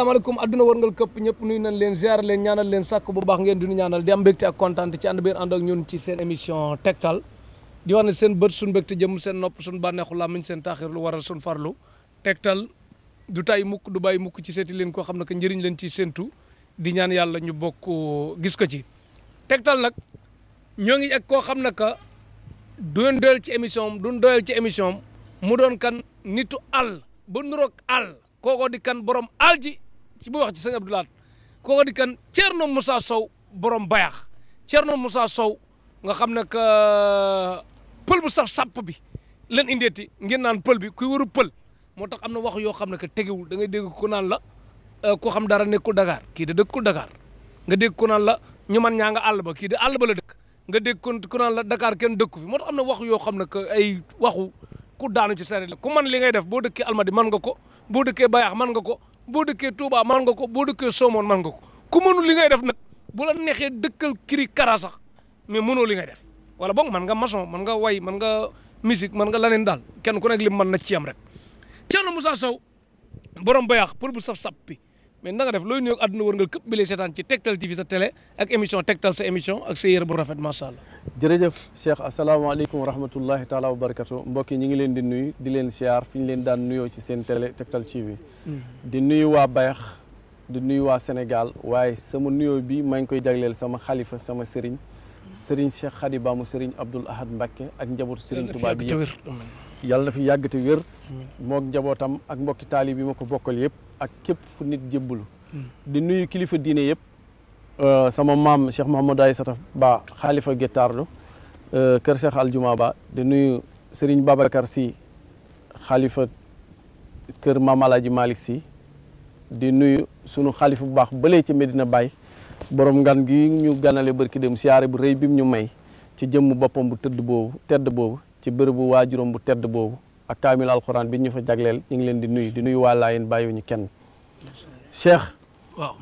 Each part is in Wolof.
asalaamaaleykum adduna warngal këpp ñëpp nuyu nañ leen ziar leen ñaanal leen sàkk bu baax ngeen di nu ñaanal di am mbégte ak kontaan ci ànd biir ànd ak ñun ci seen émission tegtal di wax ne seen bët suñ mbégte jëm seen nopp suñ bànneexu làmmiñ seen taaxir lu waral suñ farlu tegtal du tay mukk du bàyyi mukk ci seeti leen koo xam ne que njëriñ leen ci séentu di ñaan yàlla ñu bokk gis ko ci tegtal nag ñoo ngi ak koo xam ne que duñ ci émission am duñ doyal ci émission mu doon kan nitu àll ba nuroog àll kookoo di kan borom ji ci ba wax ci sëñ Abdou Lahad kooku di kan Thierno Moussa Sow borom cer Thierno Moussa Sow nga xam na que euh, pël bu saf sàpp bi leen indeeti ngeen naan pël bi kuy waru pël moo tax am na wax yoo xam ne que tegewul da ngay dégg ko naan la euh, koo xam dara nekkul Dakar kii da dëkkul Dakar nga dégg ko naan la ñu ñaa nga àll ba kii da àll ba dëkk nga dégg kon ku naan la Dakar kenn dëkku fi moo am na wax yoo xam ne que ay waxu ku daanu ci sareet la ku man li ngay def boo dëkkee Almadi man nga ko boo dëkkee bayaax man nga ko boo dëkkee Touba man nga ko boo dëkkee Somone man nga ko ku mënul li ngay def nag bu la neexee dëkkal kiri kara sax mais mënoo li def wala boog man nga maçon man nga way man nga musique man nga laneen daal kenn ku nekk lim mën na ci am rek Thierno Moussa Sow borom ba yàq pour bu saf-sap bi mais na def looy nuyoog àdduna wërngal képp bi lay seetaan ci Tektal TV sa télé ak émission Tektal sa émission ak sa bu rafet macha allah. jërëjëf Cheikh asalaamaaleykum wa rahmatullahi taala wa barakatu mbokk yi ñu ngi leen di nuyu di leen siyaar fi ñu leen daan nuyoo ci seen tele Tektal TV. Hmm. di nuyu waa Bayax di nuyu waa Sénégal waaye sama nuyoo bi maa ngi koy jagleel sama xalifa sama seriñ sëriñ Cheikh Khady Ba mu sëriñ Abdoul Ahad Mbacke ak njabootu sëriñ Touba bi yàlla na fi yàgg te njabootam ak mbokki taali bi ma ko bokkal yëpp ak képp fu nit jébbalu hmm. di nuyu kilifa diine yëpp euh, sama maam Cheikh Mahamadou Aïssata Ba xaalifa Guettardo euh, kër Cheikh Aljuma Ba di nuyu Serigne Babacar Sy xaalifa kër Maam Alaaji si di nuyu sunu xaalifa bu baax bëlee ci Medina Baye boroom ngan gi ñu ganale barki dem siyaare bu rëy bi mu ñu may ci jëmm boppam bu tëdd boobu tedd boobu ci bërëbu waajuram bu tedd boobu a kaamil alxuraan bi ñu fa jagleel ñu ngi leen di nuy di nuyu waa Laayeen bàyyiwuñu kenn. Cheikh. waaw.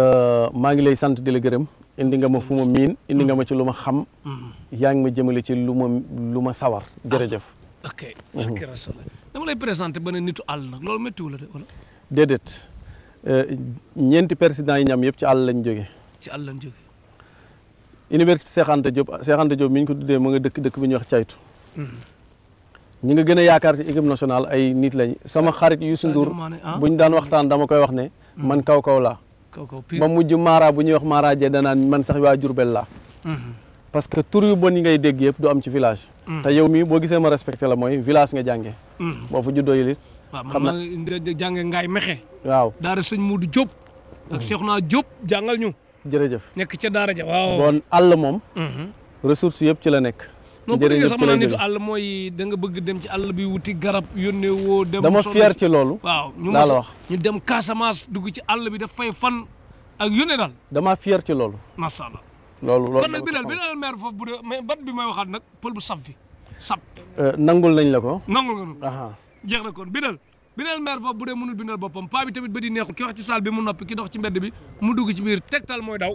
Euh, maa ngi lay sant di la gërëm indi nga ma fu ma miin indi nga ma ci lu ma xam. Mm-hmm. yaa ngi ma jëmale ci lu ma lu ma sawar ah. jërëjëf. ok mm-hmm. ok dama lay présenté ba nitu àll nag loolu la de euh, ñeenti persident yi ñam yëpp ci àll lañ jógee. ci àll lañ jógee. université Cheikh Anta Diop Cheikh Anta mi ñu ko tuddee mu nga dëkk dëkk bi ñuy wax caytu. Mm-hmm. ñi nga gën a yaakaar ci équipe nationale ay nit lañ sama xarit Youssou Ndour ah. buñ daan waxtaan dama koy wax ne hmm. man kaw kaw laa ba mujj Mara bu ñuy wax Mara jee danaan man sax waa Jurbel laa hmm. parce que tur yu bon yi ngay dégg yëpp du am ci village hmm. te yow mi boo gisee ma respecté la mooy village nga jànge boo fa juddoo yilit xam na jànge ngaay mexe waaw daara sëñ Modou Diop ak Cheikhouna Diop jàngal ñu jërëjëf nekk ca daara ja waaw bon àll moom ressource yëpp ci la nekk non bu déggee sax ma naan mooy danga bëgg dem ci àll bi wuti garab yónnee woo dem dama fier loolu waaw ñu mos ñu dem Casamance dugg ci àll bi daf fay fan ak yónnee daal dama fier ci loolu macha allah loolu loolu kon nag bi daal bi daal maire foofu bu dee mais bat bi may waxaat nag pël bu saf bi sap euh, nangul nañ la ko nangul nga ko aha jeex na kon bi daal bindal maire foofu bu dee mënul bindal boppam paa tamit ba di neexul ki wax ci saal bi mu noppi ki dox ci mbedd bi mu dugg ci biir tegtal mooy daw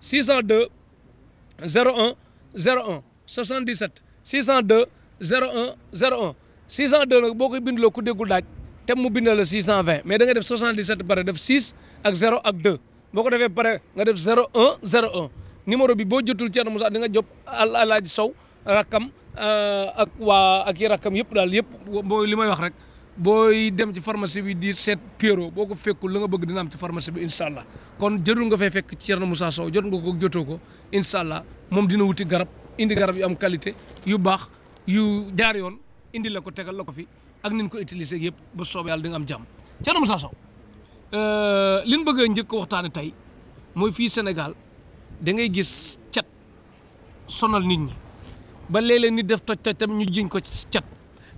602 01 01 77 602 01 01 602 nag boo koy bindloo ku déggul daaj te mu bindal la 620 mais da nga def 77 pare def 6 ak 0 ak 2 boo ko defee pare nga def 01 01 numéro bi boo jotul Thierno Moussa di nga jop Alaaji Sow rakkam euh, ak waa ak yi rakkam yëpp daal yëpp mooy li may wax rek boo dem ci pharmacie bi di seet Pierrot boo ko fekkul la nga bëgg dina am ci pharmacie bi incha allah kon jërul nga fay fekk Thierno Moussa Sow jot nga ko jotoo ko incha allah moom dina wuti garab indi garab yi am qualité yu baax yu jaar yoon indi la ko tegal la ko fi ak nin ko utiliser yëpp ba soob yàlla di am jàmm Thierno Moussa Sow euh, li ñu bëgg njëkk waxtaane tey mooy fii senegal da ngay gis cat sonal nit ñi ba léeg-léeg nit def toj toj tam ñu jiñ ko cat.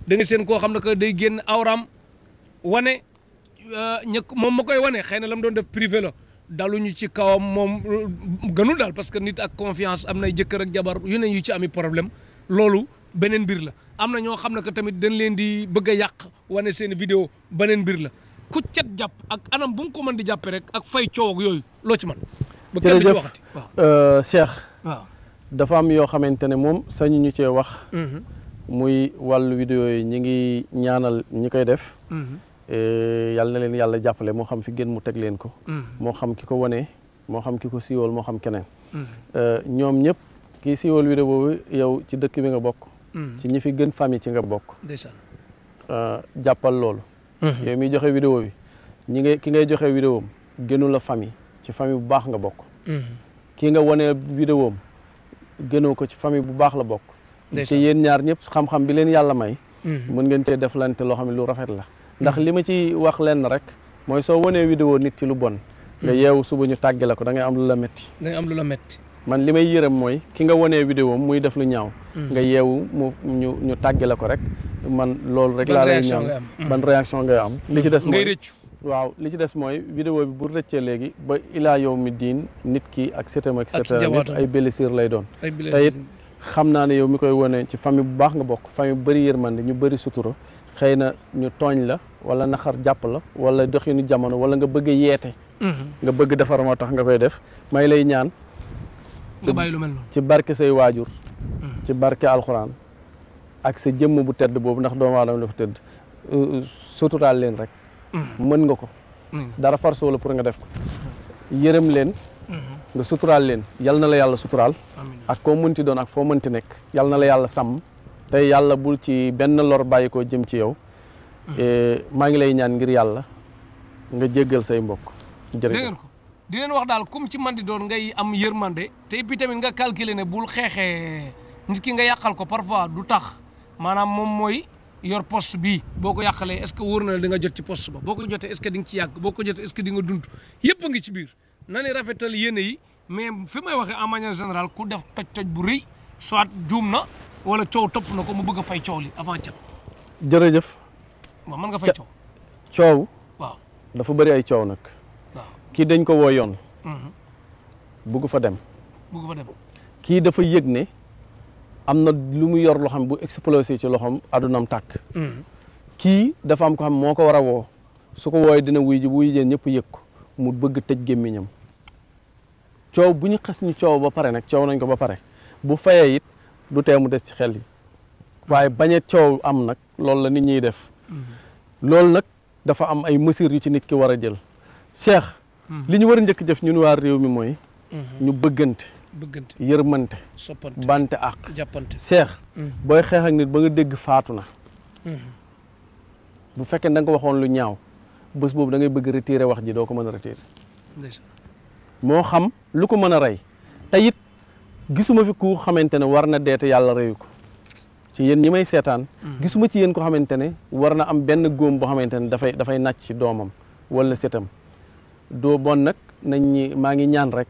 danga seen koo xam ne que day génn awraam wane euh, ñëkk moom ma koy wane xëy na la mu doon def privé la ñu ci kawam moom gënul daal parce que nit ak confiance am nay jëkkër ak jabar yu ne ñu ci ami problème loolu beneen mbir la am na ñoo xam ne que tamit dañ leen di bëgg a yàq wane seen vidéo beneen mbir la ku cet jàpp ak anam bu mu ko mën di jàppee rek ak fay coow yooyu loo ci mën ba kenn du ci waxati euh, dafa am yoo xamante ne moom sañu ñu cee wax mhm. muy wàllu vidéo yi ñu ngi ñaanal ñu koy def. Mhm. Eh, yàlla na leen yàlla jàppale moo xam fi gën mu teg leen ko. Mhm. moo xam ki ko wane moo xam ki ko siiwal moo xam keneen. Mhm. Eh, ñoom ñëpp kii siiwal vidéo boobu yow ci dëkk bi nga bokk. ci ñi fi gën fami ci nga bokk. Eh, jàppal loolu. yow miy joxe vidéo bi ñi ngay ki ngay joxe vidéo am gënu la famille ci famille bu baax nga bokk. ki nga wane vidéo am ko ci famille bu baax la bokk. te yéen ñaar ñëpp xam-xam bi leen yàlla may hmm. mën ngeen cee deflante loo xam ne lu rafet la hmm. ndax li ma ci wax lenn rek mooy soo wanee vidéo nit ci lu bon nga hmm. yeewu suba ñu tàgge la ko da am lu la métti da ngay am man li may yërëm mooy ki nga wanee vidéo muy def lu ñaaw nga yeewu mu ñu ñu tàgge la ko rek man loolu rek laa lay ñaan ban réaction ngay am li ci des ngay rëccu waaw li ci des mooy vidéo bi bu rëccee léegi ba ilaa yow mi diin nit ki ak setam ak setam ay blessure lay doon xam naa ne yow mi koy wonee ci famille bu baax nga bokk famille bu bëri yërmande ñu bëri sutura xëy na ñu tooñ la wala naxar jàpp la wala doxinu jamono wala nga bëgg yeete. Mhm. nga bëgg defar moo tax nga koy def may lay ñaan. nga lu mel ci barke say waajur. Mhm. ci barke alxuraan ak sa jëmm bu tedd boobu ndax doomu la dafa tedd euh, euh, suturaal leen rek. Mhm. mën nga ko. dara force wala pour nga def ko. yërëm leen. nga suturaal leen yal na la yàlla suturaal ak koo mënti doon ak foo mënti nekk yal na la yàlla sàmm te yàlla bul ci benn lor bàyyi ko jëm ci yow hmm. eh, maa ngi lay ñaan ngir yàlla nga jéggal say mbokk jërëjëf di leen wax daal comme ci man di doon ngay am yër yërmande te bi tamit nga calculer ne bul xeexee nit ki nga yàqal ko parfois du tax maanaam moom mooy yor poste bii boo ko yàqalee est-ce que wóor na la di nga jot ci poste ba boo ko jotee est-ce que di ci yàgg boo yëpp ngi ci biir nani rafetal yéene yi mais fi may waxee en manière général ku def toj-toj bu rëy soit juum na wala coow topp na ko mu bëgg a fay coow li avant cat. jërëjëf. waaw mën nga fay coow. dafa bari ay coow nag. kii dañ ko woo yoon. Mhm. bugg fa dem. bugg fa dem. kii dafa yëg ne am na lu mu yor loo xam bu explosé ci loxoom adunam tàkk. Mhm. kii dafa am ko xam moo ko war a woo su ko wooyee dina wuy ji bu wuy jee ñëpp yëg ko. mu bëgg tëj gémmiñam coow bu ñu xas ñu coow ba pare nag coow nañ ko ba pare bu fayee it du tee mu des ci xel yi waaye bañ coow am nag loolu la nit ñiy def mhm. loolu nag dafa am ay mesures yu ci nit ki war a jël Cheikh mhm. li ñu war a njëkk jëf ñun waa réew mi mooy mhm. ñu bëggante bëggante yërmante soppante bante ak jàppante Cheikh booy xeex ak nit ba nga dégg faatu na bu fekkee da nga ko waxoon lu ñaaw bés boobu da ngay bëgg retirer wax ji doo ko mën a retirer. moo xam lu ko mën a rey te it gisuma fi ku xamante ne war na deete yàlla reyu ko ci yéen ñi may seetaan. Mm-hmm. gisuma ci yéen ko xamante ne war na am benn góom boo xamante ne dafay dafay nàcc ci doomam walla setam doo bon nag nañ ñi maa ngi ñaan rek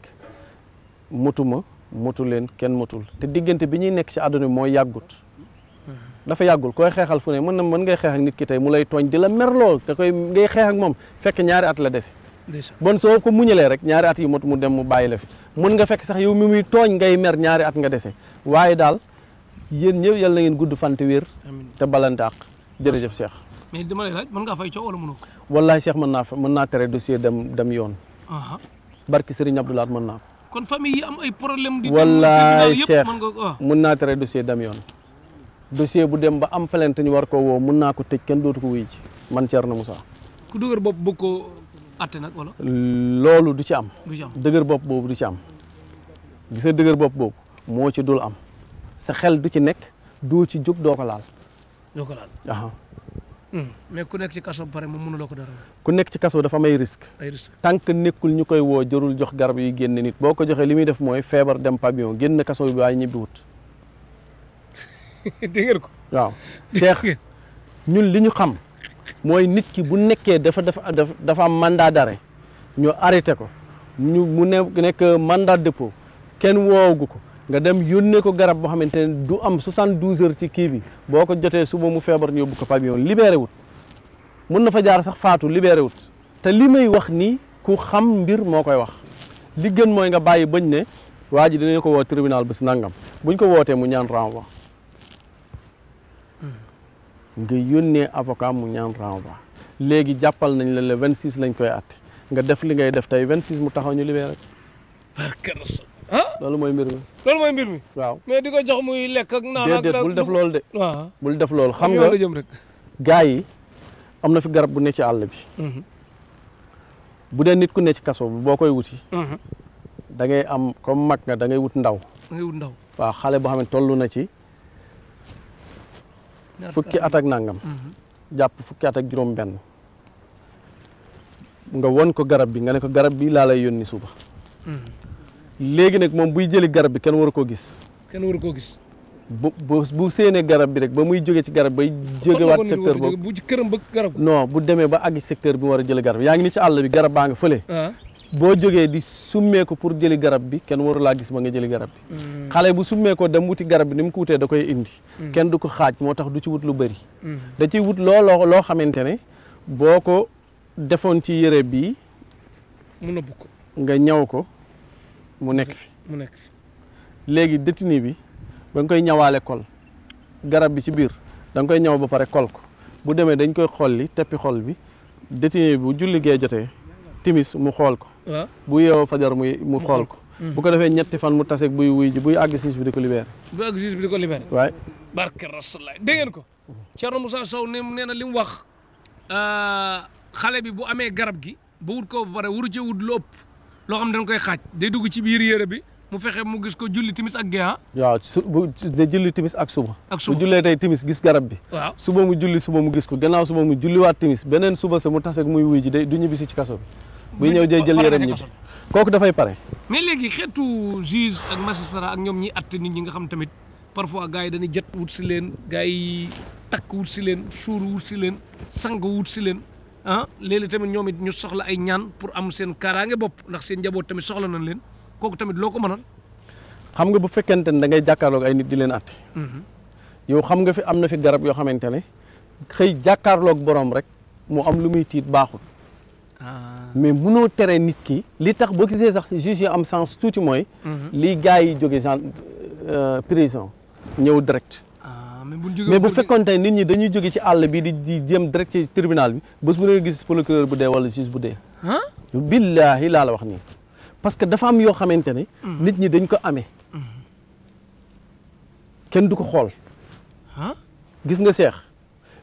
motuma motu leen kenn motul te diggante bi ñuy nekk ci àdduna bi mooy yàggut. dafa yàggul koy xeexal fu ne mën na mën ngay xeex ak nit ki tey mu lay tooñ di la merloo nga koy ngay xeex ak moom fekk ñaari at la dese bon soo ko muñalee rek ñaari at yi mot mu dem mu bàyyi la fi mën nga fekk sax yow mi muy tooñ ngay mer ñaari at nga dese waaye daal yéen ñëpp yàlla na ngeen gudd fante weer te balantaax jërëjëf Cheikh mais dama lay laaj mën ngaa fay coow wala mënoo wallaay Cheikh mën naa fa mën naa tere dossier dem dem yoon barki Serigne Abdoulaye mën naa ko kon famille yi am ay problème di wallaay Cheikh ah. mën naa tere dossier dem yoon dossier bu dem ba am plainte ñu war ko woo mun naa ko tëj kenn dootu ko wuy ji man Thierno Moussa. ku dëgër bopp bëgg ko atte nag wala. loolu du ci am. du dëgër bopp boobu du ci am. gis dëgër bopp boobu moo ci dul am sa xel du ci nekk doo ci jóg doo ko laal. doo ko laal waaw. Hmm. mais ku nekk ci kaso mënuloo ko dara. ku nekk ci kaso dafa may risque. ay tant que nekkul ñu koy woo jarul jox garab yi génne nit boo ko joxee li muy def mooy feebar dem pavillon génn kaso bi waaye ñibbi wut. dégg ngeen ko. waaw Cheikh ñun li ñu xam mooy nit ki bu nekkee dafa dafa dafa am mandat d'arrêt ñu arrêté ko ñu mu ne nekk mandat dépôt kenn woowagu ko nga dem yónnee ko garab boo xamante ne du am 72 heures ci kii bi boo ko jotee suba mu feebar ñu yóbbu ko pavillon libéré wut mun na fa jaar sax faatu libéré wut te li may wax nii ku xam mbir moo koy wax li gën mooy nga bàyyi bañ ne waa ji dinañ ko woo tribunal si nangam buñ ko wootee mu ñaan renvoi nga yónnee avocat mu ñaan renvoi léegi jàppal nañ la le 26 lañ koy atte nga def li ngay def tey 26 mu taxaw ñu libéré. ah loolu mooy mbir mi. loolu mooy mbir mi. waaw mais di ko jox muy lekk ak naan ak bul def loolu de. waaw bul def loolu xam nga jëm rek. yi am na fi garab bu ne ci àll bi. Mhm. bu dee nit ku ne ci kaso bi boo koy wuti. Mhm. da ngay am comme mag nga da wut ndaw. da ngay wut waaw xale boo xam ne toll na ci. fukki at ak nangam. Mhm. jàpp fukki at ak juróom-benn. nga won ko garab bi nga ne ko garab bi laa lay yónni suba. Mhm. léegi nag moom buy jëli garab bi kenn war koo gis. kenn waru koo gis. bu bu bu séenee garab bi rek ba muy jóge ci garab bay. jógewaat secteur boobu bu ci këram ba garab. non bu demee ba àgg secteur bi mu war a jëli garab yaa ngi ni ci àll bi garab baa nga fële. Ah. boo jógee di summeeku pour jëli garab bi kenn waru laa gis ba nga jëli garab bi mm. xale bu summeekoo dem wuti garab bi ni mu ko wutee da koy indi mm. kenn du ko xaaj moo tax du ci wut lu bëri mm. da ciy wut looloo loo xamante ne boo ko defoon ci yére bii mu nëbb ko nga ñaw ko mu nekk fi mu nekk fi bi ba nga koy ñawaale kol garab bi ci biir da koy ñaw ba pare kol ko bu demee dañ koy xolli teppi xol bi détini bi bu julli gee jotee timis mu xool ko bu yeewoo fajar muy mu xool ko bu ko defee ñetti fan mu taseeg buy wuy ji buy àgg siis bi di ko libéré buy àgg siis bi di ko libéré waay barke rasulaay dégg ngeen ko Thierno Moussa Sow ne nee na li mu wax euh, xale bi bu amee garab gi ba wut ko ba pare wuru ci loo xam ne dañ koy xaaj day dugg ci biir yére bi mu fexe mu gis ko julli timis ak gée ah. waaw su bu de julli timis ak suba. ak suba bu jullee tey timis gis garab bi. suba mu julli suba mu gis ko gannaaw suba mu julliwaat timis beneen suba sa mu taseek ak muy wuy ji day du ñibbisi ci kaso bi. buy ñëw jël jël yërëm ñi kooku dafay pare. mais léegi xeetu juge ak magistrat ak ñoom ñi àtte nit ñi nga xam tamit parfois gars yi dañuy jët wut si leen gars yi takk wut si leen suur wut si leen sang wut si leen ah léeg tamit ñoom it ñu soxla ay ñaan pour am seen kaaraange bopp ndax seen njaboot tamit soxla na leen kooku tamit loo ko mënal. xam nga bu fekkente ne da ngay jàkkaarloog ay nit di leen àtte. Mm-hmm. yow xam nga fi am na fi garab yoo xamante ne xëy jàkkaarloog borom rek mu am lu muy tiit baaxul. Ah. mais munoo tere nit ki li tax boo gisee sax juge yi am sens tuuti mooy. Mhm. li gars yi jóge genre euh, prison ñëw direct. Ah, mais bu fekkoon tey nit ñi dañuy jóge ci àll bi di di jëm direct ci tribunal bi bés bu nga gis procureur bu dee wala juge bu dee. billaahi laa la wax nii parce que dafa am yoo xamante ne. Mhm. nit ñi dañ ko amee. Mhm. kenn du ko xool. gis nga seex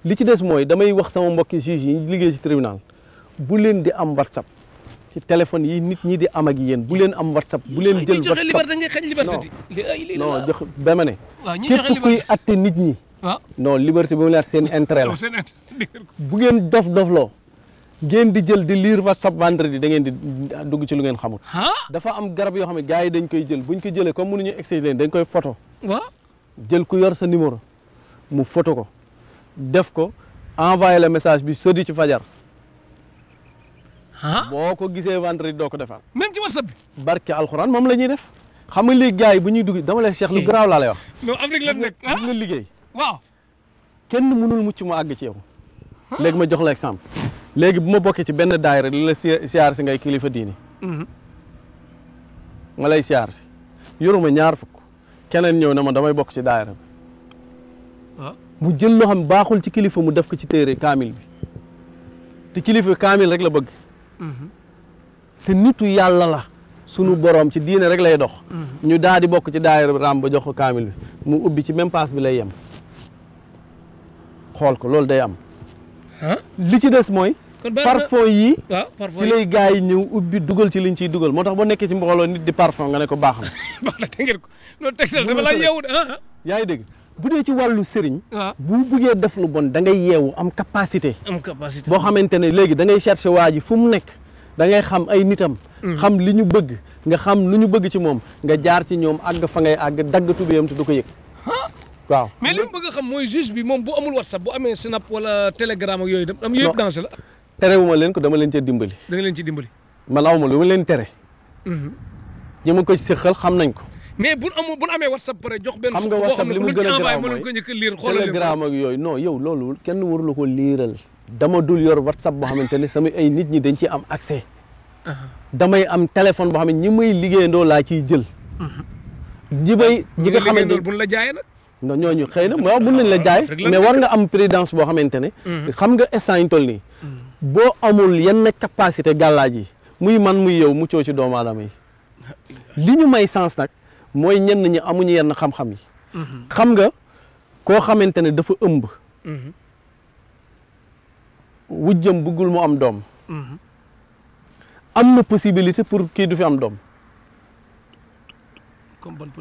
li ci des mooy damay wax sama mbokki juge yi liggéey ci tribunal. bu leen di am whatsapp ci téléphone yi nit ñi di am ak yéen bu leen am whatsapp bu leen jël whatsapp non non jox dama ne képp kuy atte nit ñi ah. non liberté bi mu leer seen intérêt la bu ngeen dof dofloo geen di jël di lire whatsapp vendredi da ngeen di dugg ci lu ngeen xamul ah. dafa am garab yoo xam ne gars yi dañ koy jël buñ ko jëlee comme mënuñu excité leen dañ koy photo jël ku yor sa numéro mu photo ko def ko envoyé le message bi sodi ci fajar boo ko gisee vendredi doo ko defaat. même ci whatsapp bi. barke alxuraan moom la ñuy def. xam nga léegi gars bu ñuy dugg dama lay seex lu eh. garaaw laa lay wax. non Afrique la nekk gis nga liggéey. waaw kenn mënul mucc mu àgg ci yow. léegi ma jox la exemple. léegi bu ma bokkee ci benn daayira li la siyaar si ngay kilifa diini. Mm-hmm. ma lay siyaar si yoruma ñaar fukk keneen ñëw na ma damay bokk ci daayira bi. mu jël loo xam baaxul ci kilifa mu def ko ci téere kaamil bi te kilifa kaamil rek la bëgg. te nitu yàlla la sunu borom ci diine rek lay dox ñu daal di bokk ci daayira ram ba jox ko kaamil bi mu ubbi ci même paas bi lay yem xool ko loolu day am li ci des mooy parfum yi ci lay gars yi ñëw ubbi dugal ci liñ ciy dugal moo tax boo nekkee ci mbooloo nit di parfum nga ne ko baax na baax na yaa ngi dégg bu dee ci wàllu sëriñ. Ah. bu buggee def lu bon da ngay yeewu am capacité. am capacité boo xamante ne léegi da ngay chercher waa ji fu mu nekk da xam ay nitam. Mm-hmm. xam li ñu bëgg nga xam lu ñu bëgg ci moom nga jaar ci ñoom àgg fa ngay àgg dagg tubéyam te du ko yëg. waaw mais li mu bëgg xam mooy juge bi moom bu amul whatsapp bu amee snap wala telegram ak yooyu dem. am yëpp danger la. terewuma leen ko dama leen cee dimbali. da leen ci dimbali. man awma lu ma leen tere. Mm-hmm. ñi ma ko séqal xam nañ ko. mais bu amoo bu amee whatsapp pare jox benn. xam nga whatsapp li mu gën a garaaw mooy ko a liir xoolal telegram ak yooyu non yow loolu kenn war la ko liiral. dama dul yor whatsapp boo xamante ne sama ay nit ñi dañ ciy am accès. Uh-huh. damay am téléphone boo xam ne ñi may liggéeyandoo laa ciy jël. Uh-huh. ñi may ñi nga xamante ne buñ la jaayee nag. non ñooñu xëy na waaw mën nañ la ah, jaay mais war nga am présidence boo xamante ne. Uh-huh. xam nga instant yi ñu nii. boo amul yenn capacité gàllaaj yi muy man muy yow mu coo ci doomu aadama yi. li ñu may sens nag. mooy ñenn ñi amuñu yenn xam-xam yi. Mhm. xam nga koo xamante ne dafa ëmb. Mhm. wujjam bëggul mu am doom. Mhm. am na possibilité pour kii du fi am doom.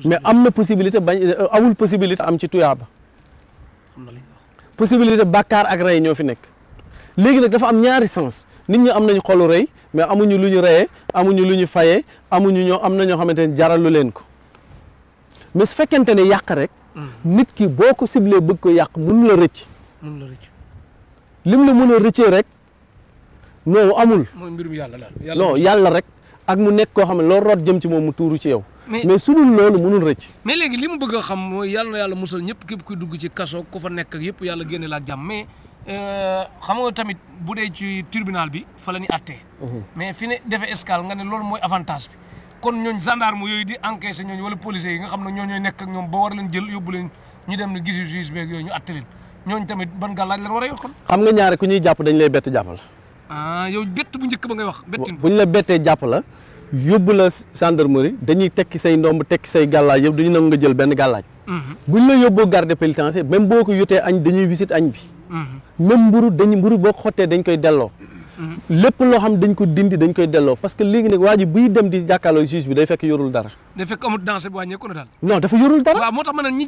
mais am na possibilité bañ euh, awul possibilité am ci tuyaaba. possibilité bakkaar ak rey ñoo fi nekk. léegi nag dafa am ñaari sens nit ñi am nañu xolu rey mais amuñu lu ñu reyee amuñu lu ñu fayee amuñu ñoo am na ñoo xamante ne jaralu leen ko. mais su fekkente ne yàq rek. Hmm. nit ki boo ko sible bëgg ko yàq mun la rëcc. mun la rëcc lim la mën a rëccee rek non amul. mooy mbirum yàlla daal non yàlla rek ak mu nekk koo xam ne loolu root jëm ci moom mu tuuru ci yow. mais su dul loolu mënul rëcc. mais léegi li mu bëgg a xam mooy yàlla yàlla musal ñëpp képp kuy dugg ci kaso ku fa nekk ak yëpp yàlla génne laa ak jàmm mais euh, xam nga tamit bu dee ci tribunal bi fa la ñuy àttee. Mhm. mais fi ne defee escale nga ne loolu mooy avantage bi. kon ñooñ gendarme yooyu di encaissé ñooñu wala policiers yi nga xam ne ñoo ñooy nekk ak ñoom ba war leen jël yóbbu leen ñu dem ne gisi juge beeg yooyu ñu atte leen tamit ban gàllaaj lan war a yor xam nga ñaare ku ñuy jàpp dañ lay bett jàpp la ah yow bu njëkk ba ngay wax bu ñu la bettee jàpp la yóbbu la gendarmerie dañuy tekki say ndomb tekki say gàllaaj yëpp dañu nangu nga jël benn gàllaaj mhm. bu ñu la yóbboo garde pénitentiaire même boo ko yotee añ dañuy visite añ bi mhm. même mburu dañu mburu boo ko xottee dañ koy delloo lépp loo xam dañ ko dindi dañ koy delloo parce que léegi nag waa ji buy dem di jàkkaarloo juge bi day fekk yorul dara day fekk amul danger bi wàññeeku na daal non dafa yorul dara waaw moo tax ma ne ñi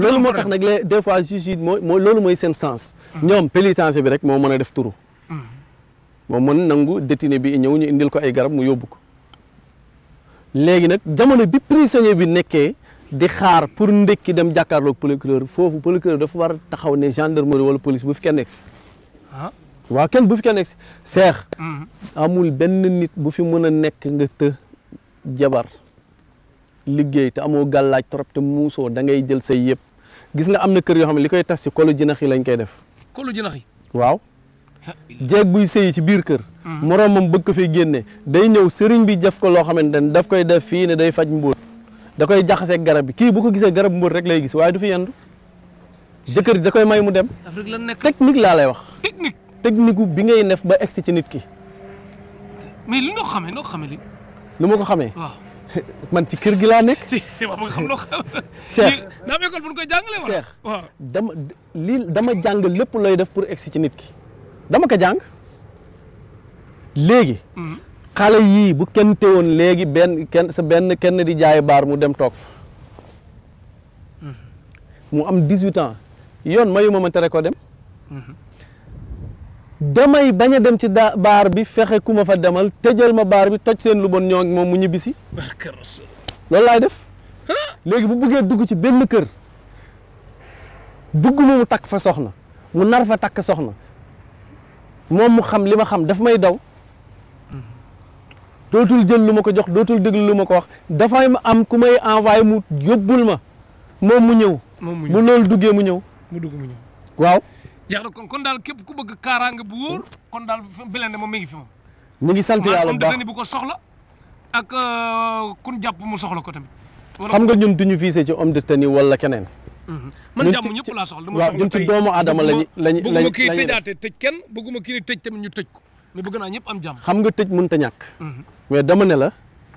loolu moo tax nag les des fois juge yi mooy mooy loolu mooy seen sens mm. ñoom pénitence bi rek moo mën a def turu mm. moo mën nangu détenu bi ñëw ñu indil ko ay garab mu yóbbu ko léegi nag jamono bi prisonnier bi nekkee di xaar pour ndékki dem jàkkaarloog procureur foofu procureur dafa war taxaw ne gendarmerie wala police bu fi nekk si ah. waaw kenn bu fi kenn egsi seex mm-hmm. amul benn nit bu fi mën a nekk nga të jabar liggéey te amoo gàllaaj trop te muusoo da ngay jël say yëpp gis nga am na kër yoo xam ne li koy tas si kolu jinax yi lañ koy def kolu jinax yi waaw jeeg buy ci biir kër mm-hmm. moroomam bëgg ko fiy génne day ñëw sëriñ bi def ko loo xamante ne daf koy def fii ne day faj mbóot da koy jaxasee garab bi kii bu ko gisee garab mbóot rek lay gis waaye du fi yendu jëkkër da koy may mu dem rek technique laa lay wax technique bi ngay def ba egsi ci nit ki. mais li nga xamee noo xamee li. lu ko xamee. man ci kër gi laa nekk. si si ma xam dama li lépp looy def pour egsi ci nit ki dama ko jàng léegi. Hmm. xale yii bu kenn teewoon léegi benn kenn benn kenn di jaay baar mu dem toog fa hmm. mu am 18 ans yoon mayu ma ma tere ko dem. Hmm. damay bañ a dem ci da baar bi fexe ku ma fa demal tëjal ma baar bi toj seen lu bon ñoo moom mu ñibbisi loolu laay def léegi bu buggee dugg ci benn kër dugg ma mu takk fa soxna mu nar fa takk soxna moom mu xam li ma xam daf may daw mm-hmm. dootul jël lu ma ko jox dootul déglu lu ma ko wax dafay ma am ku may envoyé mu yóbbul ma moom mu ñëw. mu ñëw bu loolu duggee mu ñëw. mu mu ñëw waaw. jeex na kon kon daal képp ku bëgg kaaraange bu wóor kon daal Blindé moom mi ngi fi moom. ñu ngi sant yàlla bu ko soxla ak euh, kun jàpp mu soxla ko tamit. xam nga ñun duñu visé ci wala keneen. Mhm. man jàmm ñëpp laa soxla dama soxla ñun ci doomu aadama lañu lañu lañu bëgguma kii tëjaate tëj kenn bëgguma kii ñu tëj ko mais bëgg naa ñëpp am jàmm. xam nga tëj mënut a ñàkk. Mhm. mais dama ne la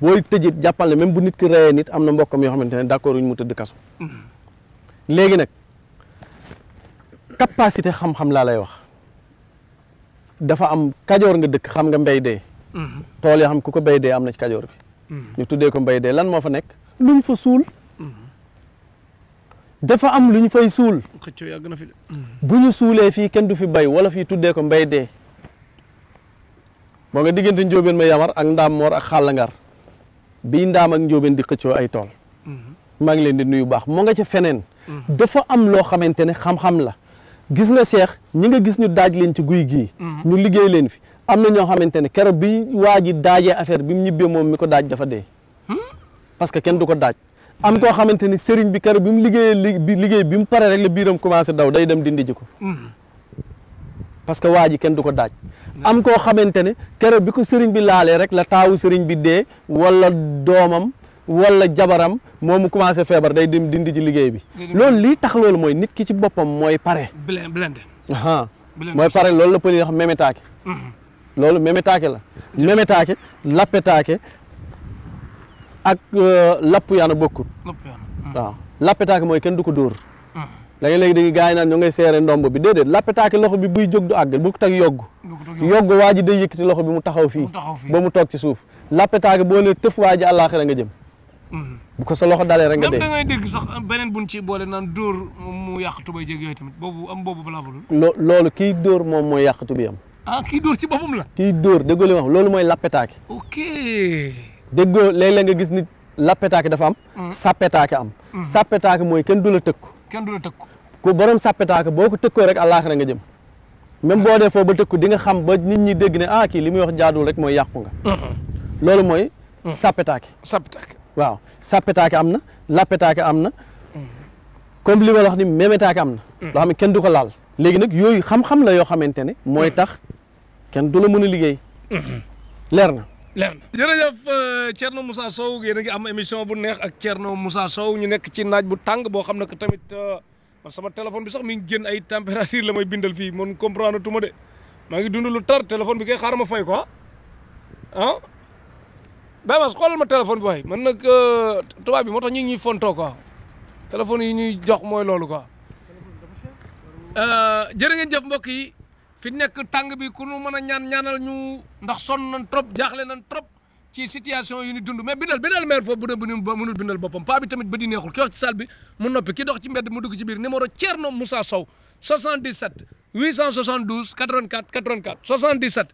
booy tëjit jàppal ne même bu nit ki reyee nit am na mbokkam yoo xamante ne d'accord ñu mu tëdd kaso mhm. léegi nag capacité xam-xam laa lay wax dafa am kajoor nga dëkk xam nga mbéy dee mhm. tool yoo xam ku ko béy dee am na ci kajoor bi mhm. ñu tuddee ko mbéy dee lan moo fa nekk luñ fa suul mhm. dafa am lu ñu fay suul xëccoo yàgg na fi bu suulee fii kenn du fi bay wala fii tuddee ko mbéy dee moo nga diggante njóobeen ma yamar ak ndaam moor ak xàllangar bi ndaam ak njóobeen di xëccoo ay tool maa ngi leen di nuyu baax moo nga ca feneen dafa am loo xamante ne xam-xam la gis nga Cheikh ñi nga gis ñu daaj leen ci guy gii. Mhm. ñu liggéey leen fi am na ñoo xamante ne keroog bi waa ji daajee affaire bi mu ñibbee moom mi ko daaj dafa dee. Hmm? parce que kenn du ko daaj. am koo xamante ni sëriñ bi keroog bi mu liggéeyee bi liggéey bi mu pare rek la biiram commencé daw day dem dindi ji ko. Hmm. parce que waa ji kenn du ko daaj. am koo xamante ne keroog bi ko sëriñ bi laalee rek la taawu sëriñ bi dee wala doomam wala jabaram. moom mu commencé feebar day dim dindi ci liggéey bi loolu lii tax loolu mooy nit ki ci boppam mooy pare blende mooy pare loolu la pël yi wax memetaake mhm. loolu memetaake la memetaake lappetaake ak euh, lapp yaana bokkut mhm. waaw lappetaake mooy kenn du ko dóor mhm. léegi léegi dañuy gars yi naan ñoo ngay seere ndomb bi déedéet lappetaake loxo bi buy jóg du àgg bu ko teg yogg yogg waa ji day yëkkati loxo bi mu taxaw fii ba mu toog ci suuf lappetaake boo ne tëf waa ji àllaaxira nga jëm bu ko sa loxo dalee rek nga dee. même dangay sax beneen buñ ci boole naan dóor mu yàq tubay jéeg yooyu tamit boobu am boobu balaa balul. loolu kiy dóor moom mooy yàq tubéyam. ah kiy dóor ci boppam la. kiy dóor déggoo li wax loolu mooy lappetaaki. ok. déggoo léeg nga gis nit lappetaaki dafa am. Hmm. sàppetaaki am. Hmm. sàppetaaki mooy kenn du la tëkku. kenn du la tëkku. ku borom sàppetaaki boo ko tëkkoo rek àllaaxira nga jëm. même boo dee foofu ba tëkku di nga xam ba nit ñi dégg ne ah kii li muy wax jaaduwul rek mooy yàqu nga. Hmm. loolu mooy. sàppetaaki sàppetaaki. waaw sàppetaake am na lappetaake am na comme li ma wax ni memetaake am na loo xam kenn du ko laal léegi nag yooyu xam-xam la yoo xamante ne mooy tax kenn du la mën a liggéey leer na leer na jërëjëf euh, Thierno Moussa Sow yéen a ngi am émission bu neex ak Thierno Moussa Sow ñu nekk ci naaj bu tàng boo xam ne que tamit euh, man sama téléphone bi sax mi ngi génn ay température la may bindal fii man comprendre tuma de maa ngi dund lu tar téléphone bi kay xaar ma fay ko ah Baye Mass xoolal ma téléphone bi waay man nag euh, tubaab bi moo tax ñu ngi ñuy fontoo quoi téléphone yi ñuy jox mooy loolu ko euh, jërë ngeen jëf yi fi nekk tàng bi ku nu mën a ñaan ñaanal ñu ndax sonn nañ trop jaaxle nañ trop ci situation yu ni dund mais bindal bindal maire foofu bu dee bindal boppam paa tamit ba di neexul ki wax ci salle mu noppi ki dox ci mbedd mu dugg ci biir numéro Thierno Moussa Sow 77 872 84 84 77.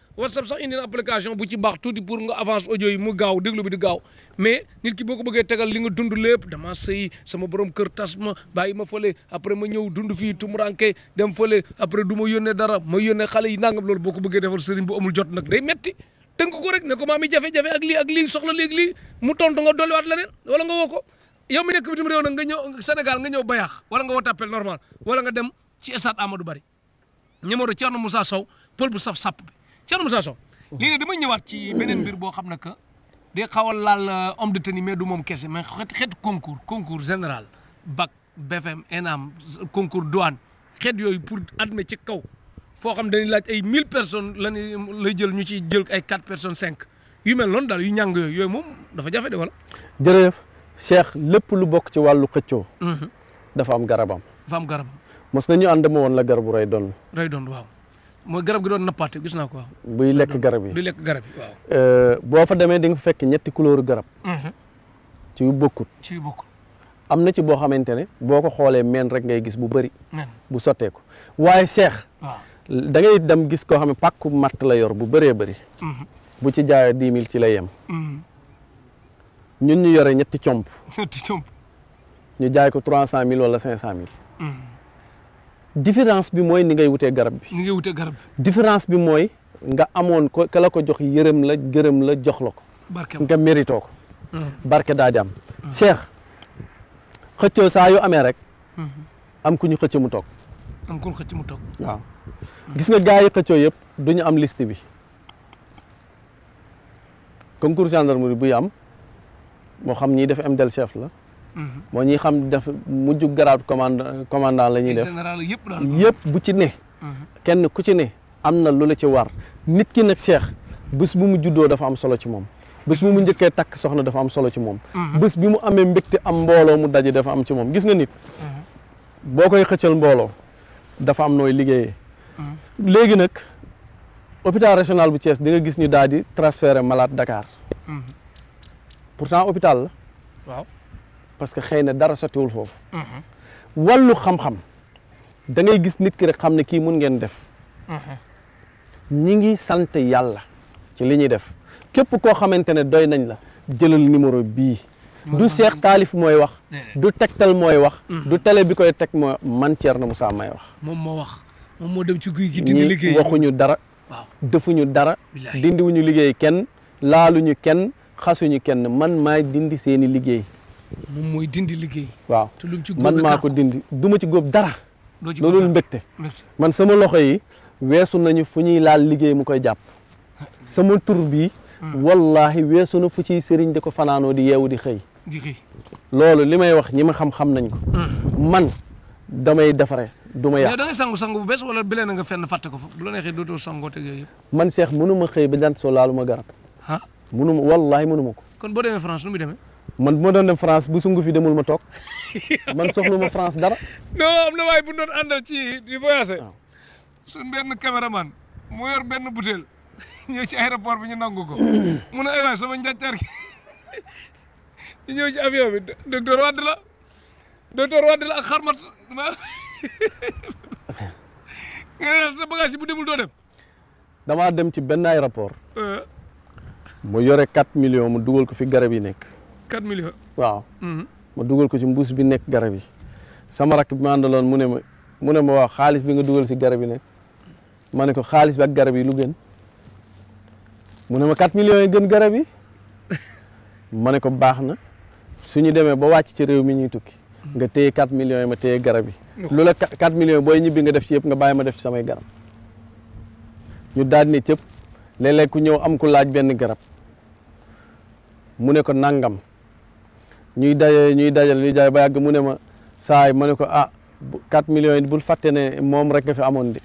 WhatsApp sax indi na application bu ci baax tuuti pour nga avance audio yi mu gaaw déglu bi gaaw mais nit ki boo ko bëggee tegal li nga dund lépp dama sëy sama borom kër tas ma bàyyi ma fële après ma ñëw dund fii tumuranke dem fële après du ma yónnee dara ma yónnee xale yi nangam loolu boo ko bëggee defar sëriñ bu amul jot nag day metti tënk ko rek ne ko maa mi jafe-jafe ak lii ak lii soxla léegi lii mu tontu nga dolliwaat leneen wala nga woo ko yow mi nekk bitim réew nag nga ñëw Sénégal nga ñëw wala nga woo tappel normal wala nga dem ci stade Amadou Barry numéro Thierno Moussa Sow pël bu saf sàpp Thierno Moussa soon léegi damay ñëwaat ci beneen mbir boo xam na que day xawal laal euh, homme de tenue mais du moom kese mais xeet xeetu concours concours général bac BFM ENAM concours douane xeet yooyu pour admettre ci kaw foo xam dañuy laaj ay 1000 personnes lañuy lay jël ñu ci jël ay 4 personnes cinq yu mel noonu daal yu ñàng yooyu yooyu moom dafa jafe de wala. jërëjëf Cheikh lépp lu bokk ci wàllu xëcco mhm. dafa am garabam. dafa am garabam. mos nañu ànd ma woon la garabu rey doon. rey mooy garab gi doon nappaate gis naa ko buy lekk garab yi buy lekk garab yi euh, boo fa demee dinga nga fekk ñetti couleur garab. Mhm. ci yu bokkut. ci yu am na ci boo xamante ne boo ko xoolee meen rek ngay gis bu bëri. bu sottee ko waaye seex waaw da ngay dem gis koo xam ne pàkku matt la yor bu bëree bëri. Mhm. bu ci jaayee dix mille ci la yem. Mhm. ñu ñu yore ñetti comp. ñetti comp. ñu jaay ko trois cent mille wala cinq cent mille. différence bi mooy ni ngay wutee garab bi. ni ngay wutee garab différence bi mooy nga amoon ko ka ko jox yërëm la gërëm la jox la ko. barke nga mérito ko. Hmm. barke daa am. Hmm. Cheikh xëccoo saa yu amee rek. Hmm. am ku ñu xëcc mu toog. am ku ñu xëcc mu toog. gis nga gars yi xëccoo yëpp du ñu am liste bi concours gendarmerie buy am moo xam ñiy def MDL chef la. Mm-hmm. moo ñuy xam daf mujj garaat commande commandant la ñuy def yëpp bu ci ne mm-hmm. kenn ku ci ne am na lu la ci war nit ki nag seex bés bu mu juddoo dafa am solo ci moom bés bu mu njëkkee takk soxna dafa am solo ci moom mm-hmm. bés bi mu amee mbégte am mbooloo mu daje dafa am ci moom gis nga nit boo koy xëccal mbooloo dafa am nooy liggéeyee léegi nag hôpital régional bu Thiès di gis ñu daal di transférer malaat Dakar pourtant hôpital la parce que xëy na dara sottiwul foofu. Mhm. wàllu xam-xam da gis nit ki rek xam ne kii mun ngeen def. Mhm. ñi ngi sant yàlla ci li ñuy def képp koo xamante ne doy nañ la jëlal numéro bii. du Cheikh Taalif mooy wax. Eh. du Tektal mooy wax. Mhm. du télé bi koy teg moo man Thierno Moussa may wax. moom moo wax moo dem ci guy gi dindi liggéey waxuñu dara. defuñu dara. dindiwuñu liggéey kenn laaluñu kenn xasuñu kenn man maay dindi seeni liggéey. moom mooy dindi liggéey. waaw man maa ko dindi du ci góob dara. doo ci loolu mbégte man sama loxo yi weesu nañu fu ñuy laal liggéey mu koy jàpp. sama tur bi hmm. wallahi weesu na fu ciy sëriñ di ko fanaanoo di yeewu di xëy. di xëy loolu li may wax ñi ma xam-xam nañ ko. Hmm. man damay defaree. du ma da ngay sangu sangu bu bees wala bële na fenn fàtte ko fa bu la neexee dootoo sangoo teg yooyu man Cheikh mënu ma xëy ba jant soo laaluma garab. ah mënu ma wallaahi mënu ma ko. kon boo demee France nu man moo doon dem France bu sungu fi demul ma toog man soxlu France dara. non am na waaye bu doon àndal ci di voyagé. Ah. suñ benn caméraman mu yor benn butéel ñëw ci aéroport bi ñu nangu ko. mu eh, ne ci avion bi docteur Wade la docteur ak xarmat ma nga bu demul doo dem. damaa dem ci benn aéroport. Euh. moo yore 4 million mu dugal ko fi garab yi nekk. 4 millions. waaw. Mm-hmm. ma dugal ko ci mbuus bi nekk garab yi sama rakk bi ma àndaloon mu ne ma mu ne ma wax xaalis bi nga dugal si garab yi nekk ma ne ko xaalis bi ak garab yi lu gën mu ne ma 4 million yi gën garab yi ma ne ko baax na suñu demee ba wàcc ci réew mi ñuy tukki nga téye 4 millions yi ma téye garab yi. lu la 4 millions booy ñibbi nga def ci yëpp nga bàyyi ma def ci samay garab ñu daal di ne ku ñëw am ku laaj benn garab mu ne ko nangam. ñuy dajee ñuy dajal ñuy ba yàgg mu ne ma saay ma ne ko ah 4 millions yi bul fàtte ne moom rek nga fi amoon de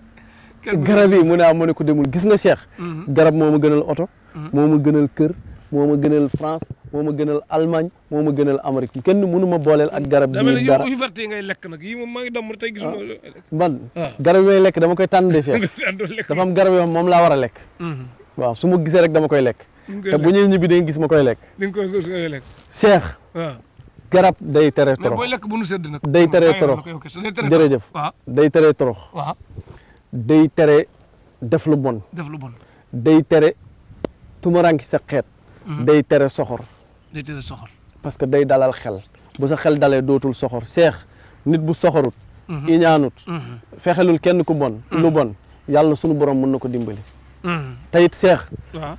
garab yi mu ne ah ma ne ko demul gis nga Cheikh mhm. garab moo ma gënal oto mhm. moo ma gënal kër moo ma gënal France moo ma gënal Allemagne moo ma gënal Amérique kenn mënu ma booleel ak garab bi dara yi ngay lekk nag yi moom maa ngi dem tey ah, man ah. garab lekk dama koy tànn de Cheikh dafa garab yoo xam moom laa war a lekk mhm. waaw ma gisee rek dama koy lekk te bu ñuy ñibbi dañuy gis ma koy lekk. di koy lekk. seex. garab day tere torox. mais booy lekk bu nu sedd nag. day tere torox jërëjëf. day tere torox. waaw. tere def lu bon. def lu bon. day tere tumaranki sa xeet. Hmm. day tere soxor. day tere soxor. parce que day dalal xel bu sa xel dalee dootul soxor seex nit bu soxorut. Hmm. iñaanut. Hmm. fexelul kenn ku bon. lu bon yàlla sunu borom mën na ko dimbali. te it seex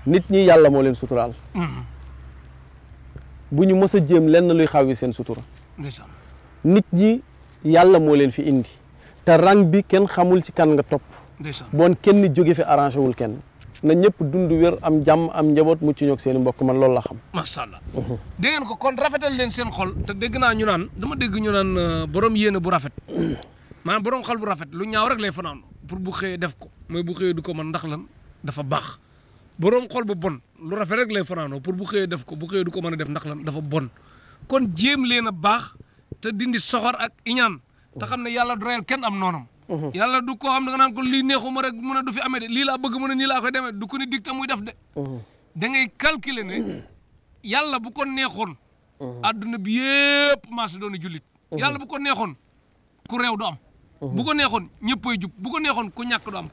nit ñi yàlla moo leen suturaal mm-hmm. bu ñu mës jéem lenn luy xawwi seen sutura nit ñi yàlla moo leen fi indi te rang bi kenn xamul ci kan nga topp bon kenn jóge fi arrangé wul kenn na ñëpp dund wér am jàmm am njaboot mucc ñoog seen mbokk man loolu la xam macha allah mm-hmm. dégg ko kon rafetal leen seen xol te dégg naa ñu naan dama dégg ñu naan euh, borom yéene bu rafet mm. maanaam borom xal bu rafet lu ñaaw rek lay fanaan pour bu xëyee def ko mooy bu xëyee du ko man ndax lan dafa baax boroom xol bu bon lu rafet rek lay fanaanoo pour bu xëyee def ko bu xëyee du ko mën a def ndax lan dafa bon kon jéem leena a baax te dindi soxor ak iñaan te xam ne yàlla du reyal kenn am noonam mhm. yàlla du koo xam ne nga naan ko lii ma rek mën a du fi amee de lii laa bëgg mën a nii laa koy demee du ko ni dig ta muy def de mhm. da ngay calculer ne yàlla bu ko neexoon adduna mhm. bi yëpp maasé doon jullit yàlla bu ko neexoon ku réew du am bu ko neexoon ñëppay jub bu ko neexoon ku ñàkk du am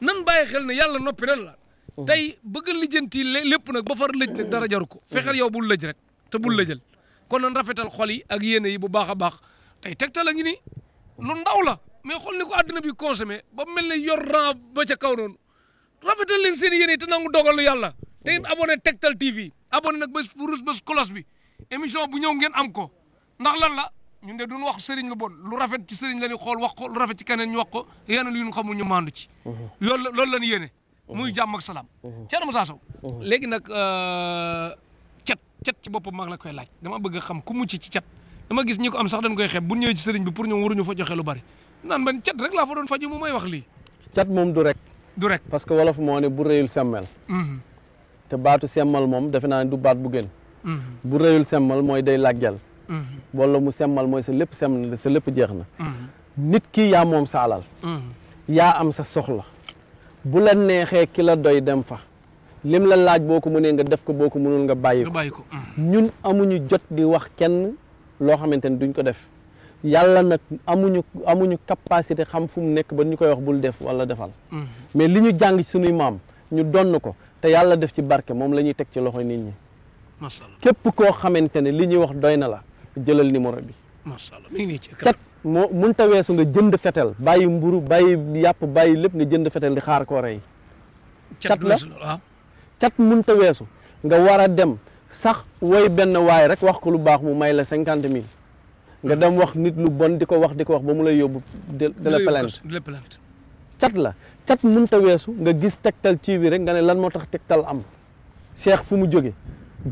nan bàyyi xel ne yàlla noppi nan la. Oh. tey bëgg lijjanti lépp nag ba far lëj ne dara jaru ko. Oh. fexeel yow bul lëj rek te bul oh. lëjal kon nan rafetal xol yi ak yéene yi bu baax a baax tey tegtal a ngi ni lu ndaw la mais xool ni ko àdduna bi consommé ba mel ne yor ran ba kaw noonu rafetal leen seen yéene te nangu dogalu yàlla. te ngeen abonné Tektal TV abonné nag bés furus bés kolos bi émission bu ñëw ngeen am ko ndax lan ñun de duñ wax sëriñ lu bon lu rafet ci sëriñ la ñu xool wax ko lu rafet ci keneen ñu wax ko yenn lu ñu xamul ñu maandu ci. loolu la loolu la ñu yéene. muy jàmm ak salaam. Thierno Moussa Sow. léegi nag euh, cat cat ci boppam maa la koy laaj dama bëgg xam ku mucc ci cat dama gis ñi ko am sax dañ koy xeeb bu ñëwee ci sëriñ bi pour ñoom waruñu fa joxe lu bari naan man cat rek laa fa doon faju mu may wax lii. cat moom du rek. du rek parce que wolof moo ne bu rëyul semmel. Mhm. te baatu semmal moom defe naa ne du baat bu gën. Mhm. bu rëyul semmal mooy day làggal Mm-hmm. wala mu semmal mooy sa lépp semm na sa lépp jeex na mm-hmm. nit ki yaa moom sa alal mm-hmm. yaa am sa soxla bu la neexee ki la doy dem fa lim la laaj boo ko mënee nga def ko boo ko mënul nga bàyyi ko ñun amuñu jot di wax kenn loo xamante ni duñ ko def yàlla nag amuñu amuñu capacité xam fu mu nekk ba ñu koy wax bul def wala defal mais li ñu jàng ci suñuy maam ñu donn ko te yàlla def ci barke moom la ñuy teg ci loxo nit ñi képp koo xamante ne li ñuy wax doy na la jëlal numéro bi. macha allah moo mënut a weesu nga jënd fetel bàyyi mburu bàyyi yàpp bàyyi lépp nga jënd fetel di xaar ko rey. cat la cat mënut weesu nga war a dem sax woy benn waay rek wax ko lu baax mu may la cinquante mille. nga dem wax nit lu bon di ko wax di ko wax ba mu lay yóbbu. de la plainte la plainte cat la cat mënut a weesu nga gis tegtal ci bi rek nga ne lan moo tax tegtal am. cheikh fu mu jóge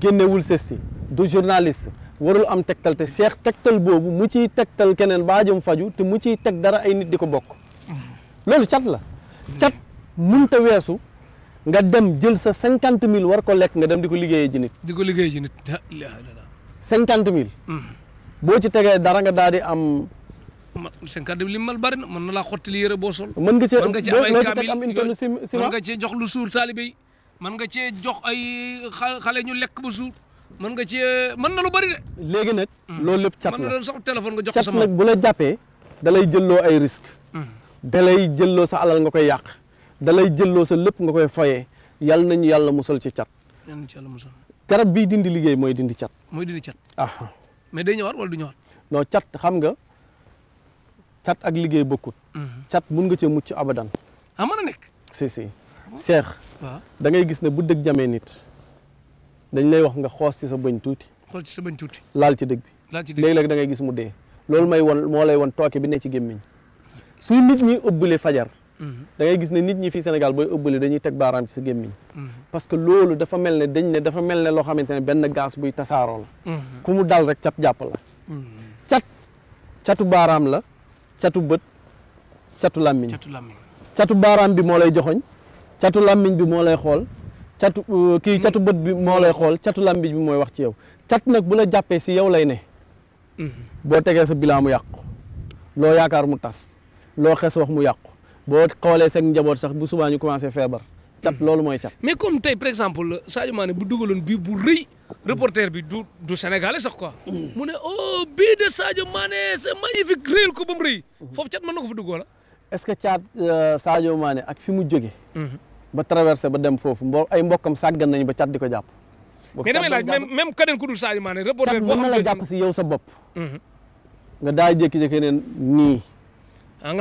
génnewul sesti du journaliste warul am tegtal te Cheikh tegtal boobu mu ciy tegtal keneen baajam faju te mu ciy teg dara ay nit di ko bokk loolu cat la cat munta weesu nga dem jël sa cinquante mille war ko lekk nga dem di ko liggéeye ji nit di ko liggéeyee ji nit cinquante mille hmm. boo ci tegee dara nga daal di am cinquante mille mal bari na mën na laa xottali yére boo sol mën nga ci mën nga ci am ay kaamil mën nga ci jox lu suur taalibe yi man nga cee jox ay xale ñu lekk ba suur mën nga cee mën na lu bari de. léegi nag. Hmm. loolu lépp cat la mën na doon sax cat nag bu la jàppee da lay ay risque hmm. da lay jëlloo sa alal nga koy yàq da lay jëlloo sa lépp nga koy foyee yal nañu yàlla musal ci cat. yàlla musal garab bii dindi liggéey mooy dindi cat. mooy dindi ah, ah mais day ñëwaat wala du ñëwaat. non cat xam nga cat ak liggéey bokkut. Hmm. cat mun nga cee mucc abadan. ah mën na nekk. si si seex. Ah da ngay gis ne bu dëgg jamee nit dañ lay wax nga xoos ci sa bëñ tuuti. xoos ci sa bëñ tuuti. laal ci dëgg bi. laal léeg dangay gis mu dee. loolu may won moo lay won tooke bi ne ci gémmiñ su nit ñi ëbbale fajar. Mhm. da gis ne nit ñi fii senegal booy ëbbale dañuy teg baaraam ci sa gémmiñ mhm. parce que loolu dafa mel ne dañ ne dafa mel ne loo xamante ne benn gaas buy tasaaroo la. Mhm. ku mu dal rek cat jàpp la. cat catu baaraam la catu bët catu làmmiñ catu baaraam bi moo lay joxoñ catu làmmiñ bi moo lay xool catu euh, kii catu bët bi moo lay xool catu làmmiñ bi mooy wax ci yow cat nag bu la jàppee si yow lay ne mm-hmm. boo tegee sa bilan mu yàqu loo yaakaar mu tas loo xes wax mu yàqu boo xoolee seen njaboot sax bu subaa ñu commencé feebar cat mm-hmm. loolu mooy cat mais comme tey par exemple Sadio Mané bu dugaloon bii bu rëy reporter bi du du sénégalais sax quoi mm-hmm. mu ne oh bii de Sadio Mané c'est magnifique réel ko ba mu rëy foofu cat mën na ko fa duggoo la est-ce que Thiat euh, Sadio Mané ak fi mu jóge ba traversé ba dem foofu mbo ay mbokkam sàggan nañ ba Thiat di ko jàpp. mais damay laaj même même keneen ku dul Sadio Mané reporter boo xam ne la jàpp si yow sa bopp. Mhm. nga daal jékki-jékki nii. Ah,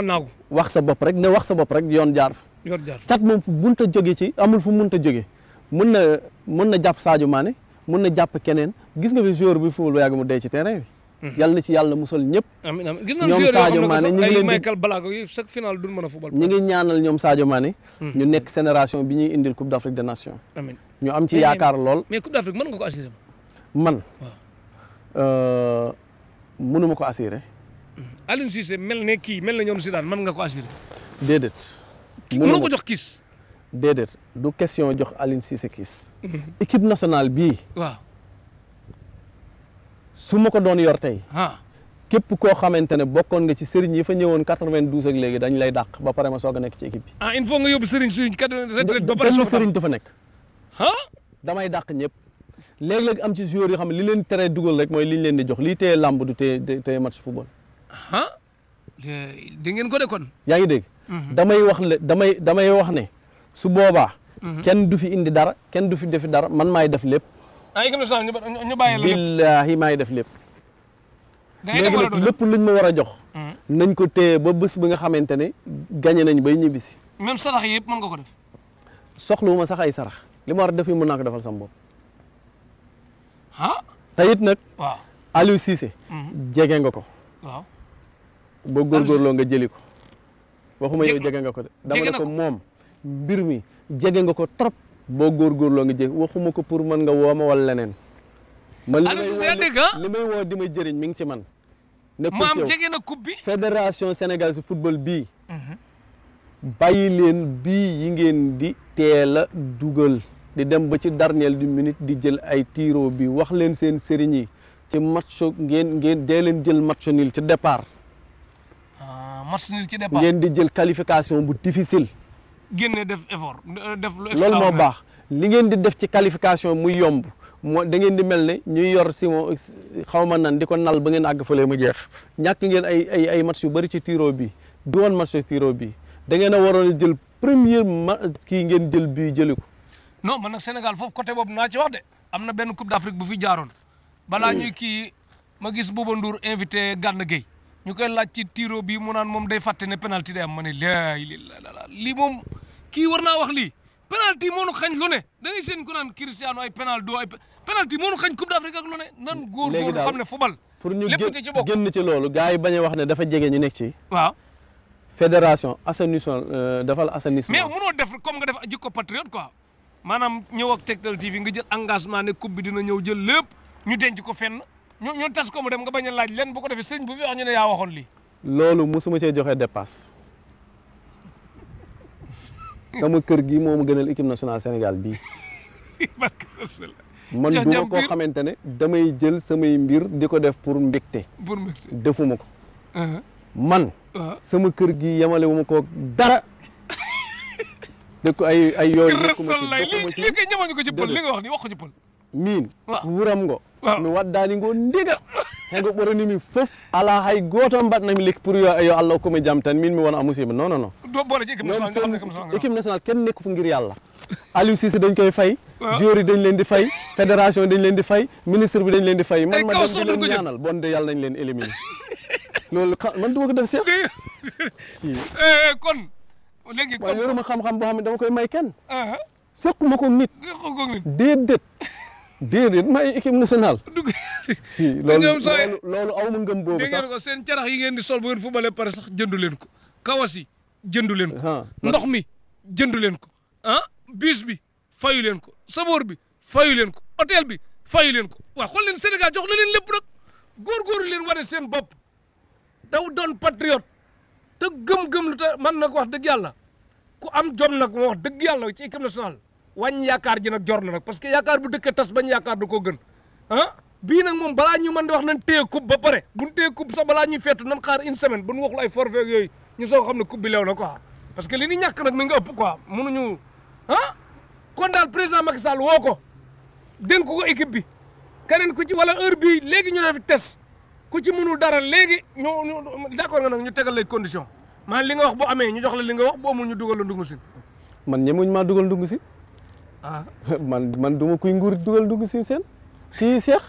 wax sa bopp rek ne wax sa bopp rek yoon jaar fa. yoon jaar fa Thiat moom fu mënut a jóge ci amul fu mënut a jóge mun na mun na jàpp saajo maane mun na jàpp keneen gis nga fi joueur bi football ba yàgg mu dee ci terrain bi. Mhm. yàlla na ci yàlla musal ñëpp amiin amiin gis nañu Sadio Mané ñu ngi Michael Balago yi ñoom Sadio Mané mhm. ñu nekk génération bi ñuy indil Coupe d'Afrique des Nations ñu am ci yaakaar lool mais Coupe d'Afrique mën nga ko assurer man euh, mënuma ko assurer mhm. Aliou mel ne kii mel na ñoom Zidane nga ko assurer déedéet mënoo ko jox kiis déedéet du question jox Aliou Cissé kiis équipe nationale bii su ma ko doon yor tey. képp koo xamante ne bokkoon nga ci sëriñ yi fa ñëwoon 92 ak léegi dañ lay dàq ba pare ma soog a nekk ci équipe bi. ah il faut nga yóbbu sëriñ suñ kat damay dàq ñëpp. léeg-léeg am ci joueur yoo xam ne li leen tere dugal rek mooy li ñu leen di jox lii téye làmb du téye téye match football. ah di ngeen ko de kon. yaa ngi dégg. Mhm. damay wax ne damay damay wax ne su boobaa. Mhm. kenn du fi indi dara kenn du fi defi dara man maay def lépp. ah équipe nationale ñu bàyyi la lépp billaahi maay def lépp. léegi nag lépp luñ ma war a jox. Hmm. nañ ko téye ba bés bi nga xamante ne gagné nañ bay ñibbisi. même sarax yëpp mën nga ko sax ay sarax li ma war a def yi mën naa ko defal sama bopp. ah. te it nag. waaw Aliou Cissé. Hmm. jege nga ko. boo góorgóorloo nga jëli ko. waxuma yow jege nga ko dama ne ko moom mbir mi jege nga ko trop. boo góorgóorloo nga jëf waxuma ko pour mën nga woo ma wala leneen. man ah? li may woo di may jëriñ mi ngi ci man. nekkul ci yow maam jege na fédération Sénégal si football bii. Mhm. bàyyi leen bii yi ngeen di teel dugal. di dem ba ci dernière du minute di jël ay tiro bi wax leen seen sëriñ yi ci match ngeen ngeen dee leen jël match nul ci départ. Ah, match nul ci départ ngeen di jël qualification bu difficile. génne def effort def lu loolu moo baax li ngeen di def ci qualification muy yomb moo da ngeen di mel ne ñuy yor Simon xaw ma nan di ko nal ba ngeen àgg fële mu jeex ñàkk ngeen ay ay ay match yu bëri ci tiro bi du woon match tiro bi da ngeen a waroon a jël premier ma kii ngeen jël bii jëli ko non man nag Sénégal foofu côté boobu naa ci wax de am na benn coupe d'Afrique bu fi jaaroon balaa mm. ñuy kii ma gis Bouba Ndour invité Gana Gueye ñu koy laaj ci tiro bii mu naan moom day fàtte ne penalti day am ma ne lii lii moom kii war naa wax lii penalti moo nu xañ lu ne da ngay seen ku naan Cristiano ay penal doo ay penalti moo nu xañ Coupe d'Afrique ak lu ne. nan góor-góorlu xam ne football. pour ñu génn ci loolu gars yi bañ a wax ne dafa jege ñu nekk ci. waaw. fédération assainissement euh, defal assainissement. mais mënoo def comme nga def jikko patriote quoi maanaam ñëw ak Tektal TV nga jël engagement ne coupe bi dina ñëw jël lépp ñu denc ko fenn. ñu ñu tas ko mu dem nga bañ laaj leen bu ko defee sëñ bu fi wax ñu ne yaa waxoon lii. loolu mosuma cee joxee dépasse sama kër gi moo ma gënal équipe nationale Sénégal bii. man du ma koo xamante ne damay jël samay mbir di ko def pour mbégte. pour defuma ko. Uh-huh. man. Uh-huh. sama kër gi yemale wu ko dara. dëkk ay ay yooyu. nekkuma ci bokkuma li li koy ko ci pël li nga wax ni wax ko ci pël. min wuram ngo mi waddani ngo ndiga hego ɓoroni min fof ala hay goto mbaɗnami lekki pour yo allah hokkumi jaam tan min mi wona musiba non non non équipe national ken nekko fo guir yallah aliou sisé dañ koy fay joueur dañ leen di fay fédération dañ leen di fay ministre bi dañ leen di fay man ma dem leen ñaanal bon de yàlla nañ leen éliminer loolu man duma ko def seex eh, eh, kon yoruma xam-xam boo xam ne dama koy may ken kenn uh-huh. ma ko nit déedéet déedéet may équipe nationale. si loolu loolu aw ma ngëm boobu sax ngeen seen carax yi ngeen di sol bu ngeen footballee pare jëndu leen ko kawasi jëndu leen ko. Ah, ndox mi jëndu leen ko ah bus bi fayu leen ko saboor bi fayu leen ko hôtel bi fayu leen ko waaw xool leen Sénégal jox na leen lépp nag góorgóorlu leen wane seen bopp daw doon patriote te gëm-gëm lu tax man nag wax dëgg yàlla ku am jom nag moo wax dëgg yàlla ci équipe nationale wàññi yaakaar ji nag jor na nag parce que yaakaar bu dëkk tas bañ yaakaar da koo gën ah bii nag moom balaa ñu mën di wax nañ tee coupe ba pare buñ téye coupe sax balaa ñuy feetu nan xaar une semaine bu ñu waxul ay forfait yooyu ñu soog xam ne coupe bi leew na quoi parce que li ñu ñàkk nag mi nga ëpp quoi mënuñu ah kon daal président Macky Sall woo ko dénk ko équipe bi keneen ku ci wala heure bii léegi ñu def test ku ci mënul dara léegi ñu d'accord nga nag ñu tegal lay condition maanaam li nga wax bu amee ñu jox la li nga wax bu amul ñu dugal la ndungu si maa dugal ndungu si ah man man du ma kuy nguur dugal ndungu siin seen fii Cheikh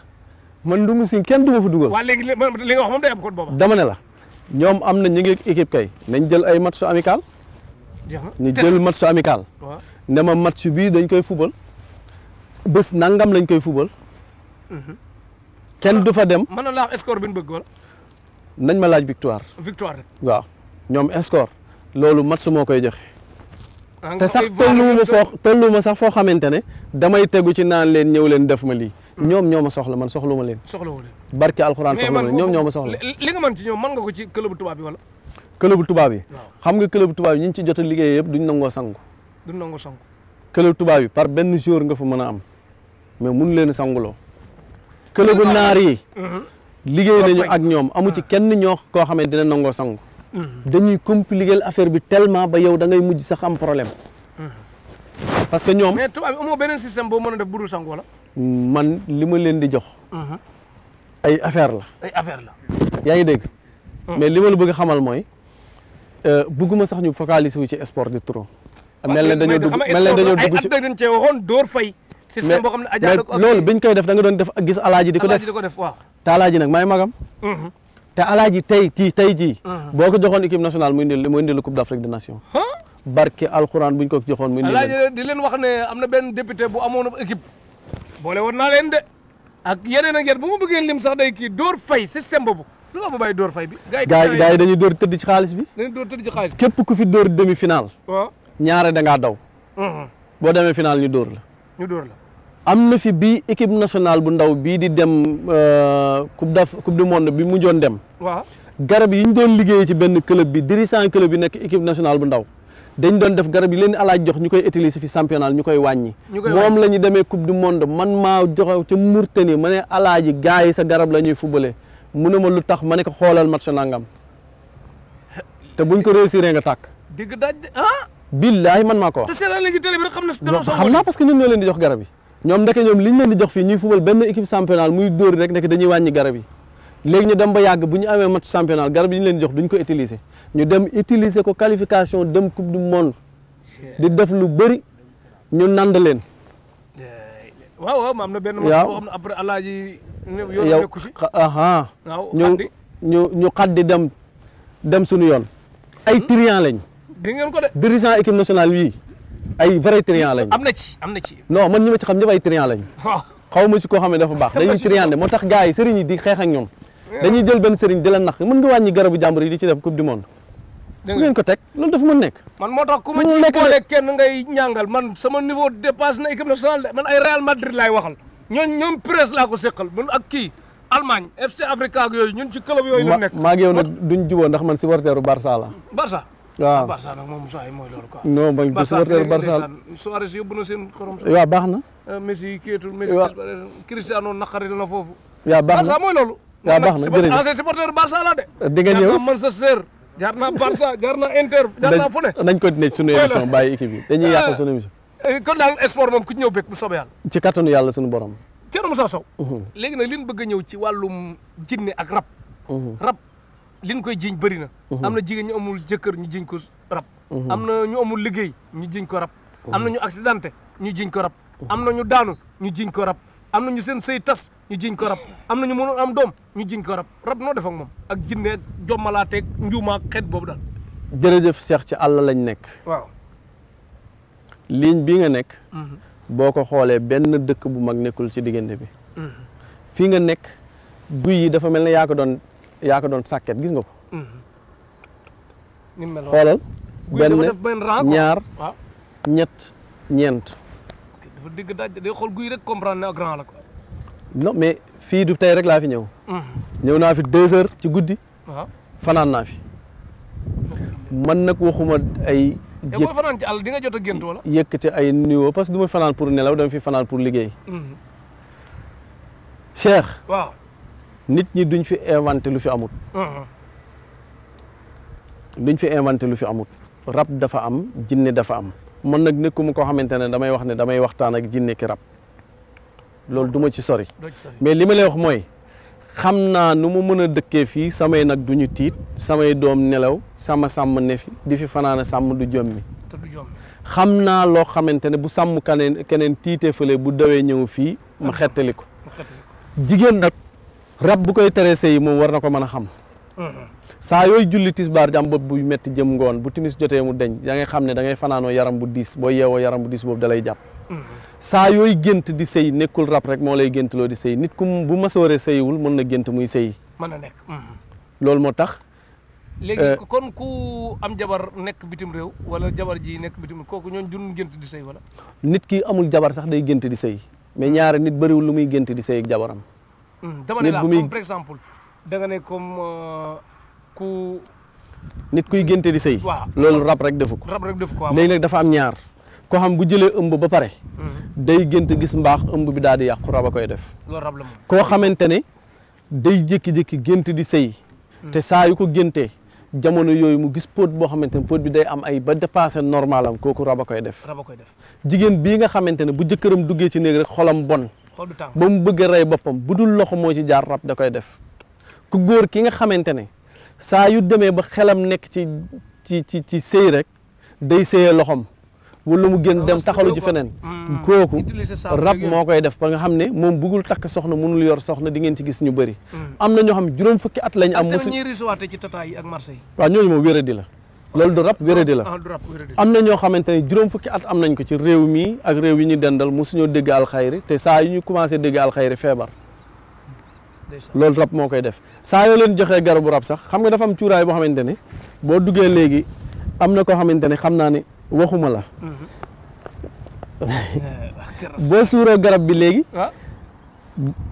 man ndungu siin kenn du ma fa dugal. waaw léegi li nga wax moom day am kon dama ne la ñoom am na ñu ngi équipe kay nañ jël ay match amical. ñu jël match amical. waaw ne ma match bii dañ koy fubal bés nangam lañ koy fubal. Mhm. kenn du fa dem. mën na laa score bi ñu nañ ma laaj victoire. victoire waaw ñoom score loolu match moo koy joxe. te sax tolluwuma foo tolluwuma sax foo xamante ne damay tegu ci naan leen ñëw leen def ma lii hmm. ñoom ñoo ma soxla man soxlu ma leen soxlawu leen barke alxuraan soxla ma leen ñoom ñoo ma soxla li nga mën ci ñoom mën nga ko ci club tubaab yi yi xam nga club tubaab yi ñi ci jot a liggéey yëpp duñ nangoo sangu duñ nangoo sangu club tubaab yi par benn jour nga fa mën a am mais mun leen sanguloo club naar yi hmm. liggéey nañu ak ñoom amu ci ah. kenn ñoo koo xamante ne nangoo sangu dañuy compliquer affaire bi tellement ba yow da ngay mujj sax am problème. parce que ñoom. mais tubaab amoo beneen système boo mën a def budul sang man li ma leen di jox. Mhm. ay affaire la. ay affaire la. yaa ngi dégg. Mhm. mais li ma bëgg xamal mooy euh, bëgguma sax ñu focaliser wu ci sport de trop. mel ne dañoo dugg mel ne dañoo dugg ci ay at dañ cee waxoon door fay. système boo xam ne loolu biñ koy def da nga doon def a gis alaaji di ko def alaaji di ko def waaw. te nag maay magam. Mhm. te alhaji tey kii tey jii. Uh-huh. boo ko joxoon équipe nationale muy indil muy indil coupe d' Afrique des nations. barke alxuraan bu ñu ko joxoon. muy indil alaaji di leen wax ne am na benn député bu amoon équipe. boole woon naa leen de ak yeneen ak yeneen bu ma bëggee lim sax day kii Dóor Fay système boobu lu ma bàyyi door Fay bi. gars yi gars yi dañuy dóor tëdd ci xaalis bi. dañuy dóor ci xaalis képp ku fi dóor demi final. waaw ñaare da daw. Uh-huh. boo demee final ñu door la. ñu dóor la. am na fi bi équipe nationale bu ndaw bii di dem euh, coupe d' coupe du monde bi mu joon dem. waaw garab yi ñu doon liggéeyee ci benn club bi dirigeant club bi nekk équipe nationale bu ndaw dañ doon def garab yi leen alaaj jox ñu koy utiliser fi championnat ñu koy wàññi. moom la ñu demee coupe du monde man maa joxe ca Mauritanie ma ne alaaji gars yi sa garab la ñuy footballé mu ne ma lu tax ma ne ko xoolal match nangam te buñ ko réussir nga tàkk. digg ah! man maa na. xam naa parce que ñun ñoo leen di jox garab yi. ñoom ndeke ñoom liñ leen di jox fii ñuy fubal benn équipe championnat muy dóori rek ndeke dañuy wàññi garab yi léegi ñu dem ba yàgg bu ñu amee match championnat garab yi leen di jox duñ ko utiliser ñu dem utiliser ko qualification dem coupe du monde di def lu bëri ñu nand leen. waaw waaw am na benn match boo xam ne après alaaji yow ah, ah. ñu ñu ñu xaddi dem dem suñu yoon. ay hmm? triant lañ. di ngeen ko de dirigeant équipe nationale yii. ay vrai triant lañ. am na ci am na ci. non man ñi ma ci xam ñëpp ay triant lañ. Oh. xaw ma si koo xam ne dafa baax dañuy triandé moo tax gars yi sëriñ yi di xeex ak ñoom. dañuy jël benn sëriñ di la nax mën nga wàññi garabu jàmbur yi di ci def coupe du monde. dégg ngeen ko teg loolu dafa mën nekk. man moo tax ku ma ci boole kenn ngay ñàngal man sama niveau dépasse na équipe nationale man ay Real Madrid laay waxal ñoom ñoom presse laa ko seqal man ak kii Allemagne FC Africa ak yooyu ñun ci club yooyu. la nekk maa ngi yow nag duñ juboo ndax man supporteru Barça la. Barça. waaw Barça nag moom saa yi mooy loolu quoi. non man de supporter Barça na seen xorom. waaw baax na. Euh, Messi kiiyeetul Messi. waaw Cristiano naqaril na foofu. waaw na Barça mooy loolu. waaw baax na jërëjëf ancien supporter Barça la de. Euh, di nga ñëw jaar naa Manchester jaar naa Barça jaar naa Inter jaar naa fu ne. nañ continuer ci sunu émission bàyyi équipe yi dañuy yàqal sunu émission. Euh, kon daal sport moom ku ñëw bëgg bu soobee yàlla. ci kattanu yàlla sunu borom. Thierno Moussa Sow. Mhm. léegi nag li ñu bëgg a ñëw ci wàllum jinne ak rab. Mhm. rab liñ koy jiiñ bëri na mhm. am na jigéen ñu amul jëkkër ñu jiñ ko rab mhm. am na ñu amul liggéey ñu jiñ mhm. ko rab am na ñu accidenté ñu jiñ ko rab am na ñu daanu ñu jiñ ko rab am na seen sëy tas jiñ ko rab am na ñu am doom ñu jiñ ko rab rab noo def ak moom ak jinne ak jommalaatee njuumaak xeet boobu daal jërëjëf Cheikh ci àll lañ nekk waaw ligne bi nga nekk boo ko xoolee benn dëkk bu mag nekkul ci diggante bi fii nga nekk guy yi dafa mel ne yaa doon yaa ko doon sàkket gis nga ko. Mm-hmm. ni mu mel benn ñaar ñett ñeent. dafa dégg daaj day guy rek comprendre ne grand la ko. mais fii du tey rek laa fi ñëw. Mm-hmm. ñëw naa fi deux ci guddi. fanaan naa fi. man nag waxuma ay. jë boo fanaan ci àll di nga jot a gént wala. yëkkati ay nuyoo parce que fanaan pour nelaw dama fi fanaan pour liggéey. Mm-hmm. Cheikh. nit ñi duñ fi inventé lu fi amut. Uh-huh. duñ fi inventé lu fi amut. rab dafa am jinne dafa am man nag nekkuma koo xamante ne damay wax ne damay waxtaan ak jinne ki rab loolu du ma ci sori. mais li ma lay wax mooy xam naa nu mu mën a dëkkee fii samay nag duñu tiit samay doom nelaw sama sàmm ne fi di fi fanaana sàmm du jommi. xam naa loo xamante ne bu sàmm keneen keneen tiitee fële bu dawee ñëw fii ma xettali ko. jigéen nag. rab bu koy teree sëy moom war na ko mën a xam mhm. saa yooyu julli tisbaar jam bopp buy metti jëm ngoon bu timis jotee mu deñ yaa xam ne da ngay fanaanoo yaram bu diis boo yeewoo yaram bu diis boobu dalay jàpp mhm. saa yooyu gént di sëy nekkul rab rek moo lay géntloo di sëy nit ku bu masoore sëyiwul mën na gént muy sëy mën na nekk mhm. loolu moo tax léegi euh, kon ku am jabar nekk bitim réew wala jabar ji nekk bitim réew kooku ñoon jun gént di sëy wala nit ki amul jabar sax day gént di sëy mais ñaari nit bariwul lu muy gént di sëy ak jabaram Hmm, dama ne la comme par da nga ne comme euh, ku. nit kuy génte di sëy loolu rab rek defu ko rab rek defu ko léegi nag dafa am ñaar koo xam bu jëlee ëmb ba pare hmm. day gént gis mbaax ëmb bi daal yàqu rab a koy def koo xamante ne day jékki-jékki gént di sëy hmm. te saa yu ko géntee jamono yooyu mu gis póot boo xamante ne póot bi day am ay ba dépassé normal am kooku rab a koy def jigéen bii nga xamante ne bu jëkkëram duggee ci néeg rek xolam bon ba mu bëggee rey boppam bu dul loxo moo ci jaar rab da koy def ku góor ki nga xamante ne saa yu demee ba xelam nekk ci ci ci ci sëy rek day sëyee loxom wala mu gën dem taxalu ci feneen kooku rab moo koy def ba nga xam ne moom bëggul takk soxna mënul yor soxna di ngeen ci gis ñu bëri mm. am na ñoo xam juróom fukki at lañ am mosu waaw ñooñu moom wéradi la loolu du rab ah, wéradi la am na ñoo xamante ne juróom fukki at am nañ ko ci réew mii ak réew yi ñu dendal mosuñoo dégg alxayri te saa yu ñu commencé dégg alxayri feebar loolu rab moo koy def saa yoo leen joxee garabu rab sax xam nga dafa am cuuraay boo xamante ne boo duggee léegi am na koo xamante ne xam naa ne waxuma la mm-hmm. boo suuroo garab bi léegi ah.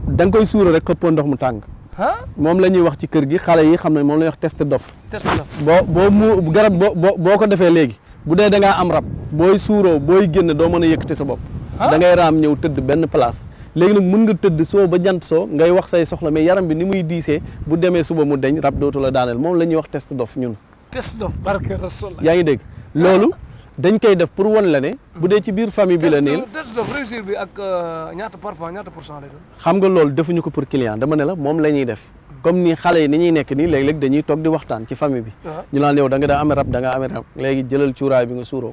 da koy suura rek xëppoo ndox mu tàng moom la ñuy wax ci kër gi xale yi xam ne moom la ñuy wax test dof boo boo mu garab boo boo ko defee léegi bu dee da am rab booy suuroo booy génn doo mën a yëkkati sa bopp da ngay raam ñëw tëdd benn place léegi nag mën nga tëdd soo ba jant soo ngay wax say soxla mais yaram bi ni muy diisee bu demee suba mu deñ rab dootu la daaneel moom la ñuy wax test dof ñun test dof barke rasul yaa ngi dégg loolu dañ koy def pour wan la ne. bu dee ci biir famille bi la nii. test of réussir bi ak euh, ñaata parfois xam nga loolu defuñu ko pour client dama la moom la ñuy def. comme ni xale yi ni ñuy nekk nii léeg-léeg dañuy toog di waxtaan ci famille bi. Ah. ñu naan yow da nga daa amee rab da nga amee rab léegi jëlal cuuraay bi nga suuroo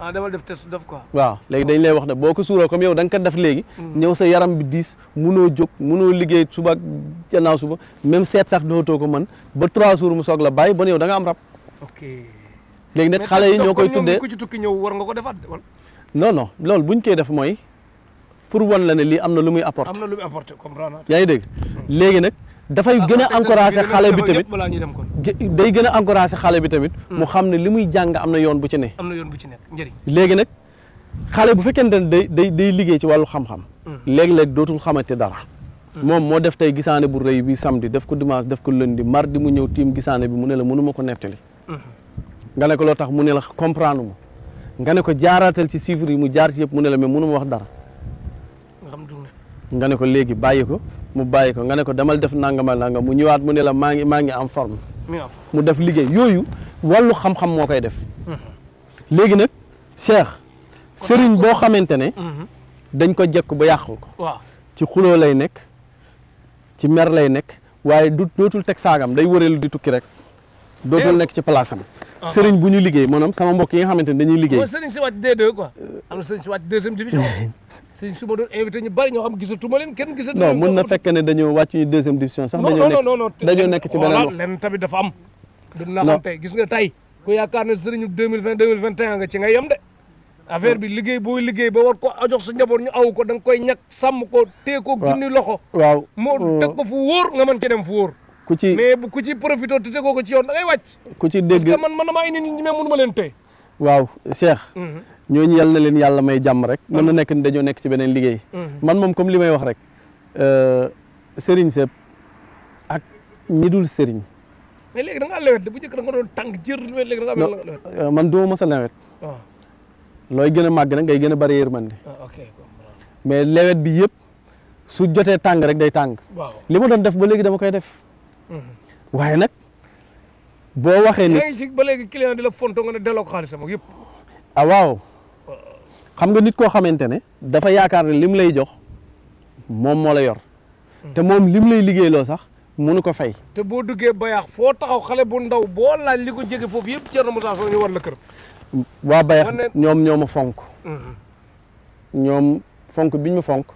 ah, def test def quoi. waaw léegi dañ lay wax ne boo ko suuroo comme yow da nga ko def léegi. Hmm. ñëw sa yaram bi diis munoo jóg munoo liggéey suba gannaaw suba même seet sax dootoo ko man ba trois jours mu soog la bàyyi ba yow da nga am rab. ok. léegi nag xale yi ñoo koy tuddee ku ci tukki ñëw war nga ko defaat wala. non loolu bu ñu koy def mooy pour wan la ne lii am na lu muy apporté. am na lu muy apporté comprendre yaa ngi dégg léegi nag. dafay ah, gën a xale bi tamit day gën a xale bi tamit. mu xam ne li muy jàng am na yoon bu ci ne. am na yoon bu ci nekk njëriñ. léegi nag xale bu fekkente ne day day day liggéey ci wàllu xam-xam. Hmm. léeg-léeg dootul xamante dara. Hmm. moom moo def tey gisaane bu rëy bi samedi def ko dimanche def ko lundi mardi mu ñëw tiim gisaane bi mu ne la mënuma ko nettali hmm. nga ne ko loo tax mu ne la comprendre ma nga ne ko jaaraatal ci chiffres yi mu jaar ci yëpp mu ne la mais mënu ma wax dara. nga ne ko léegi bàyyi ko mu bàyyi ko nga ne ko demal def nangama nangam mu ñëwaat mu ne la maa ngi maa ngi en forme. mu def liggéey yooyu wàllu xam-xam moo koy def. Mhm. léegi nag Cheikh. sëriñ boo xamante ne. Mhm. dañ ko jekk ba yàqul ko. waaw ci xuloo lay nekk ci mer lay nekk waaye du dootul teg saagam day wëreelu di tukki rek. dootul nekk ci place sëriñ bu ñu liggéey maanaam sama mbokk yi nga xamante dañuy liggéey. mooy sëriñ si wàcc D2 quoi. am na sëriñ si wàcc deuxième division. sëriñ su ma doon invité ñu bari ñoo xam gisatuma leen kenn gisatu. non mën na fekk ne dañoo wàcc ñu deuxième division sax. dañoo nekk dañoo nekk ci beneen wax oh, leen tamit dafa am. gis nga tey. ku yaakaar ne sëriñu 2020 2021 nga ci nga yem de. affaire bi liggéey boo liggéey ba war ko jox sa njaboot ñu aw nga koy ñàkk sàmm ko tée ko loxo. waaw moo mm. teg ko fu wóor nga man ci dem fu wóor ku ci mais bu ku ci profité te tegoo ci yoon da ngay wàcc. ku ci dégg parce que man ma leen téye. waaw Cheikh. Mhm. ñooñu yal na leen yàlla may jàmm rek. mën na nekk ni dañoo nekk ci beneen liggéey. Mhm. man moom comme li may wax rek. Euh, sëriñ sëpp ak ñi dul sëriñ. mais léegi bu njëkk da nga doon tànk jër léegi da ngaa lewet. Euh, man duma mos a lewet. Ah. looy gën a màgg nag ngay gën a bari yërmande. Ah, ok mais lewet bi yëpp su jotee tàng rek day tàng. waaw li ma doon def ba léegi dama koy def. waaye nag boo waxee ni. yaa ba léegi client di la fonto nga ne delloo ko xaalisam ak yëpp. ah waaw xam nga nit koo xamante ne dafa yaakaar ne lim lay jox moom moo la yor. te moom lim lay liggéeyloo sax mënu ko fay. te boo duggee bayaax foo taxaw xale bu ndaw boo laaj li ko jege foofu yëpp Thierno Moussa Sow ñu war la kër. waa bayaax ñoom ñoo ma fonk. Mhm. ñoom fonk biñ ma fonk.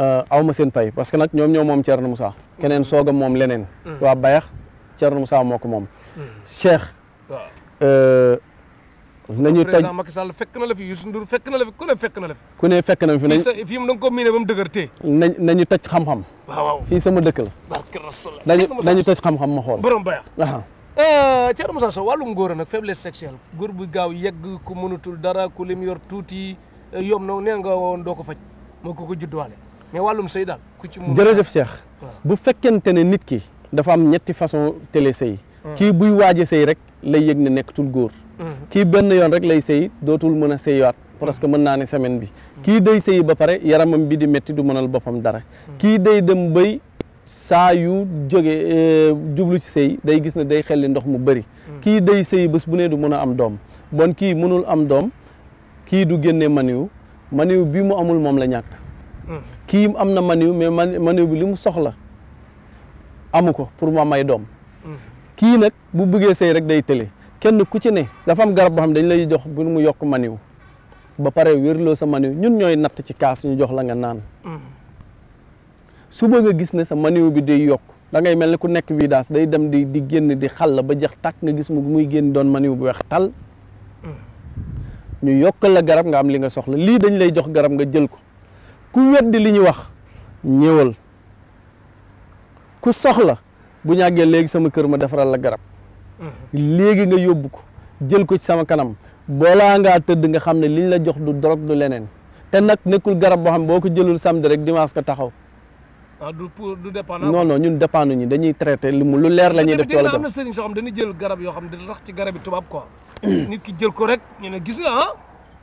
Euh, aw ma seen pay parce que nag ñoom ñoo moom Thierno Moussa keneen soog a moom leneen. Mm. waa Bayax Thierno Moussa moo ko moom. Mm. Cheikh. Euh, nañu tey président fekk na la fi Youssou Ndour fekk na la fi ku ne fekk na la fi. ku ne fekk na fi nañ fii mu da nga ko miiné ba mu dëgër tee. nañ nañu toj xam-xam. waaw waaw fii sama dëkk la. nañu nañu toj xam-xam ma xool. borom Bayax. Euh, Thierno Moussa Sow wàllum góor nag faiblesse sexuelle góor bu gaaw yegg ku mënatul dara ku lim yor tuuti yom na nee nga doo ko faj moo ko ko juddwaale mais wàllum sëy daal jërëjëf Cheikh bu fekkente ne nit ki dafa am ñetti façon télé sëy hmm. kii buy waaj a sëy rek lay yëg ne nekkatul góor hmm. kii benn yoon rek lay sëy dootul mën a sëywaat parce que mën naa ne semaine bi hmm. kii day sëy ba pare yaramam bi di métti du mënal boppam dara kii day dem bay saa yu jóge eh, jublu ci sëy day gis ne day xelli ndox mu bëri kii day sëy bés bu ne du mën a am doom bon kii mënul am doom kii du génne maniw maniw bi mu amul moom la ñàkk kii am na maniw mais maniw bi li mu soxla amu ko pour mu may doom kii nag bu bëggee sëy rek day tële kenn ku ci ne dafa am garab boo xam dañ lay jox bu mu yokk maniw ba pare wérloo sa maniw ñun ñooy natt ci kaas ñu jox la nga naan suba nga gis ne sa maniw bi day yokk da ngay mel ni ku nekk vidange day dem di di génn di xal la ba jeex tàkk nga gis mu muy génn doon maniw bu weex tal mm. ñu yokkal la garab nga am li nga soxla lii dañ lay jox garab nga jël ko ku weddi li ñu wax ñëwal ku soxla bu ñàggee léegi sama kër ma defaral la garab mm-hmm. léegi nga yóbbu ko jël ko ci sama kanam boolaa ngaa tëdd nga xam ne liñ la jox du drogue du leneen te nag nekkul garab boo xam boo ko jëlul samedi rek dimanche ko taxaw. ah du pour du dépendant. non non ñun depand ñu dañuy traité lu mu lu leer la ñuy def. tool am na sëriñ soo xam dañuy jël garab yoo xam ne dañuy rax ci garab yi tubaab quoi. ki jël ko rek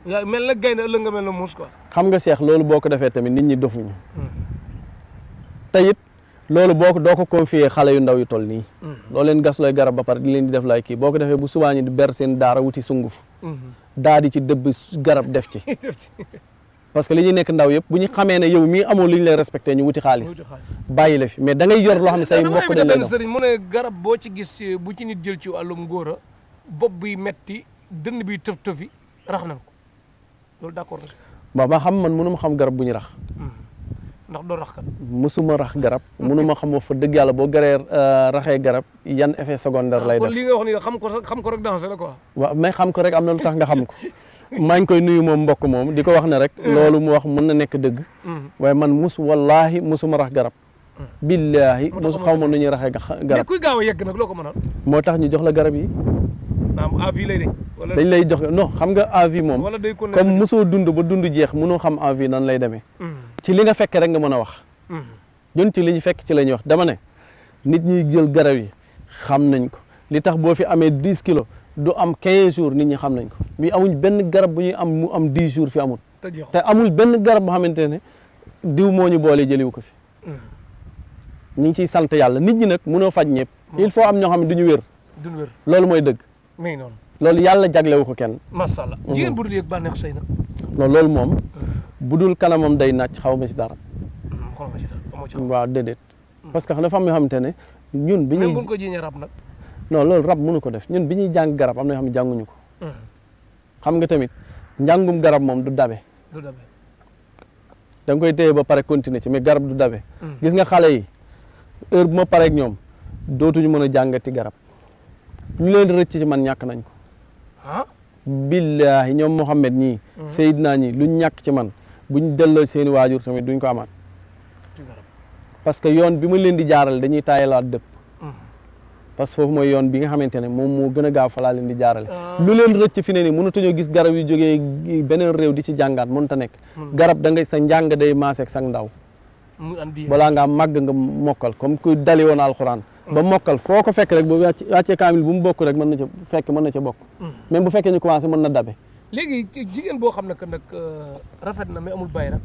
yaa mel na gaynde ëllëg nga mel na muus quoi. xam nga seex loolu boo ko defee tamit nit ñi dofuñu. te it loolu boo ko doo ko confier xale yu ndaw yu toll nii. loo mm-hmm. leen gas looy garab ba pare di leen di def lay kii boo ko defee bu subaa ñu di ber seen daara wuti sunguf. Mm-hmm. daa di ci dëbb garab def ci. parce que li ñuy nekk ndaw yëpp bu ñu xamee ne yow mii amoo li ñu lay respecté ñu wuti xaalis. bàyyi la fi mais da ngay yor loo xam ne say mbokk dañ lay dox sëriñ mu boo ci gis bu ci nit jël ci wàllum ngóora bopp bi metti dënn bi tëf tëfi rax na loolu d'accord ba ba xam man mënu ma xam garab bu ñu rax. Hmm. ndax doo rax kat. mësuma rax garab. mënu ma xam fa dëgg yàlla boo garee euh, raxee garab yan effet secondaire ah, lay def. kon li nga wax xam ko xam ko rek danger la quoi. waaw mais xam ko rek am na lu tax nga xam ko. maa ngi koy nuyu moom mbokk moom di ko wax ne rek. Hmm. loolu mu wax mën na nekk dëgg. Hmm. waaye man mus wallaahi musuma rax garab. billaahi musu xaw ma nu ñuy raxee garab. mais kuy gaaw a yegg nag loo ko mënal. moo tax ñu jox la garab yi. naam avis lay wala dañ lay jox no xam nga avis moom. wala day comme mosoo dund ba dund jeex mënoo xam avis nan lay deme mm. ci li nga fekk rek nga mën a wax. Mm. ñun ci li ñu fekk ci la ñuy wax dama ne nit ñi jël garab yi xam nañ ko li tax boo fi amee dix kilos du am quinze jours nit ñi xam nañ ko mi amuñ benn garab bu ñuy am am dix jours fi amul. te amul benn garab boo xamante ne diw moo ñu boole jëliwu ko fi. Mm. ñu ngi ciy sant yàlla nit ñi nag mënoo faj ñëpp. il faut am ñoo xam ne du ñu wér. loolu mooy dëgg. mi loolu yàlla jaglewu ko kenn. macha allah mhm. bu dul yëg bànneexu sëy na. non loolu moom. bu kanamam day nàcc xaw ma si dara. xaw ma si waaw déedéet. Mm. parce que dafa am yoo xamante ne ñun. bi ñuy ko jiiñee rab nag. non loolu rab ko def ñun bi ñuy jàng garab am yoo xam ne ko. Mm. xam nga tamit njàngum garab moom du dabe. du dabe da nga koy téye ba pare continuer ci mais garab du dabe. Mm. gis nga xale yi heure bu ma pareeg ñoom dootuñu mën a jàngati garab. lu leen rëcc ci man ñàkk nañ ko ah billaahi ñoom Mouhamed ñii mm-hmm. Seydina ñii luñ ñàkk ci man buñ delloo seeni waajur tamit duñ ko amaat parce que yoon bi ma leen di jaaral dañuy taayalaat dëpp mm-hmm. parce que foofu mooy yoon bi nga xamante ne moom moo gën a gaaw falaa leen di jaarale ah. lu leen rëcc fi a ni mënatuñoo gis garab yu jógee beneen réew di ci jàngaat mënut a nekk mm-hmm. garab da ngay sa njàng day maaseeg sa ndaw balaa ngaa màgg nga mokkal comme ku dali woon alxuraan ba mokkal foo ko fekk rek bu wàccee kaamil bu mu bokk rek mën na ca fekk mën na ca bokk. Mm. même bu fekkee ñu commencé mën na dabe. léegi jigéen boo xam ne que nag euh, rafet na mais amul bayra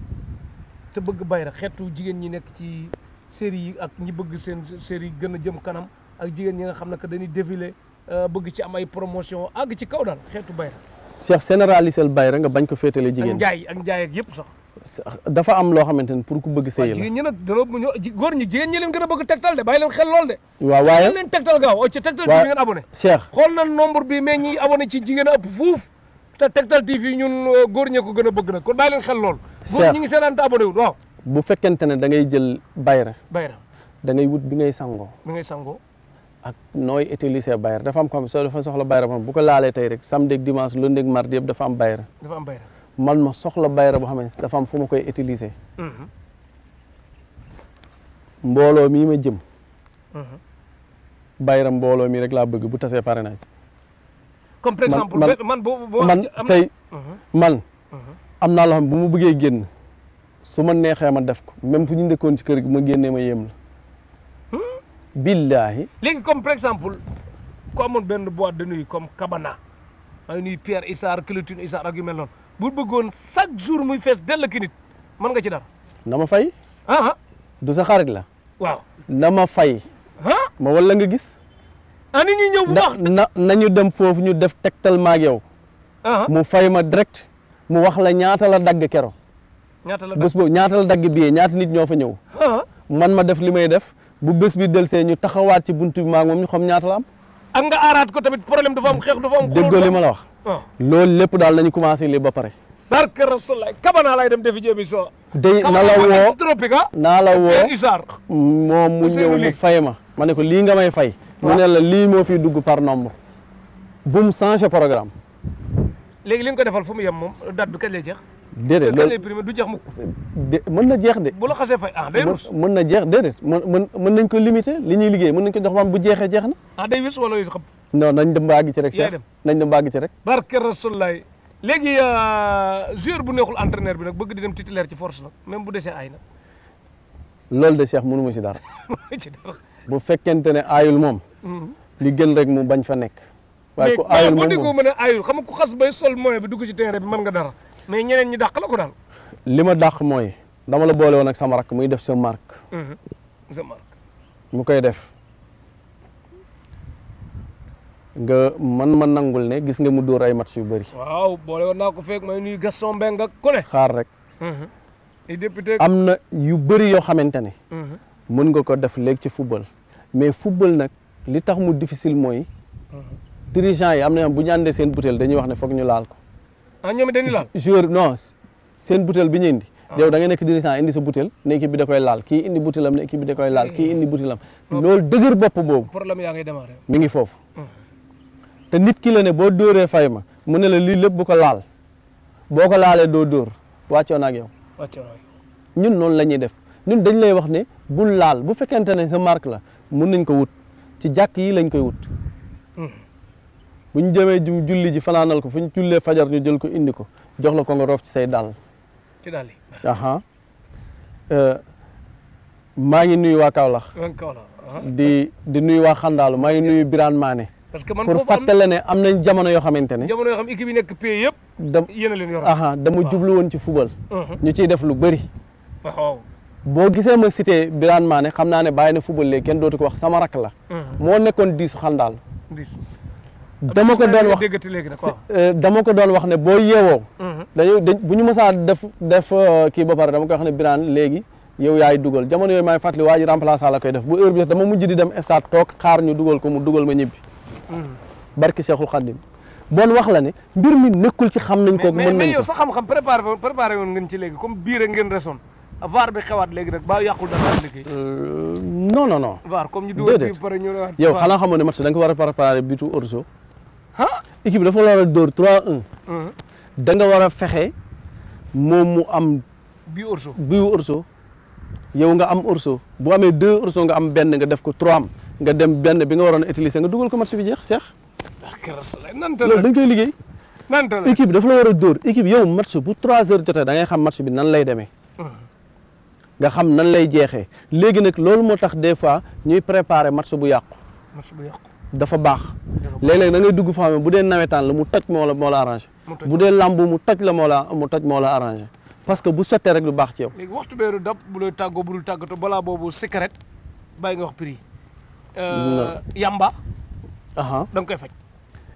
te bëgg bayra xeetu jigéen ñi nekk ci série yi ak ñi bëgg seen série yi gën a jëm kanam ak jigéen ñi nga xam ne que dañuy défilé euh, bëgg ci am ay promotion àgg ci kaw daal xeetu bayra. Cheikh généralisel bayra nga bañ ko féetalee jigéen ak njaay ak njaay yëpp sax. dafa am loo xamante ni pour ku bëgg sëy la jigéen ñi góor ñi jigéen ñi leen gën a bëgg tegtal de bàyyi leen xel lool de waaw waaye leen tegtal gaaw ci tegtal bi ngeen abonné Cheikh xool na nombre bi mais ñi abonné ci jigéen a ëpp fuuf te tegtal TV ñun euh, góor ñee ko gën a bëgg nag ko bàyyi leen xel lool góor ñi ngi seetaan te abonné wul waaw bu fekkente ne da ngay jël bayra bayra da ngay wut bi ngay sangoo bi ngay sangoo ak nooy utiliser bayra dafa am comme soo dafa soxla bayra bu ko laalee tey rek samedi ak dimanche lundi ak mardi yëpp dafa am bayra dafa am bayra man ma soxla bayra boo xam ne dafa am fu ma koy utiliser mhm. mbooloo mii ma jëm mhm. bayra mbooloo mii rek laa bëgg bu tasee pare comme par exemple man man tey mhm. man am naa loo xam bu ma bëggee génn su ma neexee ma def ko même fu ñu dëkkoon ci kër gi ma génnee ma yéem la hmm? billaahi léegi comme par exemple ku amoon benn boîte de nuit comme Kabana ay nuy Pierre Issar Clétine Issar ak yu mel bu bëggoon chaque jour muy fees dell ki nit mën nga ci dara. na ma fay. Ah, ah du sa xarit la. waaw na ma fay. ah ma wala nga gis. ah nit ñëw bu baax na nañu dem foofu ñu def tegtal ma ak yow. Ah, ah. mu fay ma direct mu wax la ñaata la dagg kero. ñaata la dagg bés boobu ñaata la dagg bii ñaata nit ñoo fa ñëw. man ma def li may def bu bés bi delsee ñu taxawaat ci buntu bi maa moom ñu xam ñaata la am. ak nga aaraat ko tamit problème dafa am xeex dafa am. xulóom déggoo li ma la wax. Ah. loolu lépp daal nañu commencé lii ba pare. barke Rasulullah kaba naa lay dem defi émission. day na la woo naa la woo moom mu ñëw mu fay ma. ma ne ko lii nga may fay. mu ah. ne la lii moo fiy dugg par nombre. bu mu changé programme. léegi li nga ko defal fu mu yem moom date bi kañ lay déedéet loolu du jeex mu. mën na jeex de. bu la xasee fay ah day mën na jeex de mën mën mën nañ ko limiter li ñuy liggéey mën nañ ko jox maam bu jeexee jeex na. ah day wis wala yu xam. non nañ dem baagi ci rek. yaa dem nañ dem baagi ci rek. barke rasulaay léegi euh, joueur bu neexul entraîneur bi nag bëgg di dem titulaire ci force nag même bu desee aay nag. loolu de Cheikh mënu ma si dara. bu fekkente ne aayul moom. Mhm. li gën rek mu bañ fa nekk. waaye ku aayul moom mais ku aayul xam nga ku xas bay sol moyen bi dugg ci terrain bi mën nga dara mais ñeneen ñi dàq la ko daal. li ma dàq mooy dama la boole woon ak sama rakk muy def sa marque. Mhm. mu koy def nga man ma nangul ne gis nga mu dóor ay match yu bëri. waaw boole woon naa ko feeg mooy nuyu Gaston Mbengue ak ne. xaar rek. Mhm. ay am na yu bëri yoo xamante ne. Mhm. mën nga ko def léegi ci football. mais football nag li tax mu difficile mooy. dirigeant yi am na bu ñu àndee seen butéel dañuy wax ne foog ñu laal ko. ah ñoom dañuy laal joueur seen butéel bi ñu indi. Ah. yow da ngay nekk dirigeant indi sa butéel ne équipe bi da koy laal kii indi butéelam ne équipe bi da koy laal kii indi butéelam. loolu dëgër bopp boobu. problème yaa ngay démarrer. mi ngi foofu. Hmm. te nit ki la ne boo dóoree fay ma mu ne la lii lépp bu ko laal boo ko laalee doo dóor wàccoo na ak yow. wàccoo ñun noonu la ñuy def ñun dañ lay wax ne bu laal bu fekkente ne sa marque la mun nañ ko wut ci jàkk yi lañ koy wut. Hmm. bu ñu jëmee jum julli ji fanaanal ko fu ñu jullee fajar ñu jël ko indi ko jox la ko nga roof ci say dàll. ci dàll yi. Euh, maa ngi nuyu waa Kaolack. di di nuyu waa Xandaalu maa ngi nuyu Birane Mané. parce que man pour ne am nañ jamono yoo xamante ne. jamono yoo xam équipe yi nekk pays yëpp. yéen a leen yor dama jublu woon ci fubal. Uh-huh. ñu ciy def lu bari boo gisee ma cité Birane Mané xam naa ne baay na fubal léegi kenn dootu ko wax sama rak la. Uh-huh. moo nekkoon diisu Xandaalu. dama ko doon wax euh, dama ko doon wax ne boo yeewoo. Mhm. dañuy dañ bu ñu mësaa def def euh, kii ba pare dama koy wax ne Birane léegi yow yaay dugal jamono yooyu maay fàttali waa ji remplaçant la koy def bu heure bi dama mujj di dem stade toog xaar ñu dugal ko ma ñibbi. Mhm. barki Cheikhul Khadim bon wax la ne mbir mi nekkul ci xam nañ ko. mën nañ ko mais yow sa xam-xam préparé préparé woon ngeen ci léegi comme biir a ngeen raison vaar bi xewaat léegi nag ba yàqul dara liggéey. Euh, yow xanaa xamoon ne match da nga ko war a préparé bitu équipe bi dafa war a door trois 1 da nga war a fexe moom mu am. bi orso bii orso yow nga am orso bu amee deux orso nga am benn nga def ko trois am nga dem benn bi nga waroon a utiliser nga dugal ko match bi jeex Cheikh. Ah, loolu dañ koy liggéey. nanta la équipe dafa la war a dóor équipe yow match bu trois heures jotee da ngay xam match bi nan lay demee. nga xam nan lay jeexee léegi nag loolu moo tax des fois ñuy préparer match bu yàqu. match bu yàqu. dafa baax léeg-léeg da ngay dugg foo xam bu dee nawetaan la mu toj moo la moo la arrangé bu dee lamb mu toj la moo la mu toj moo la arrangé parce que bu sottee rek lu baax ci yow léegi waxtu beeru dab bu lay bu dul tàggatoo balaa boobu cigarette bàyyi nga wax prix euh, yamba da nga koy faj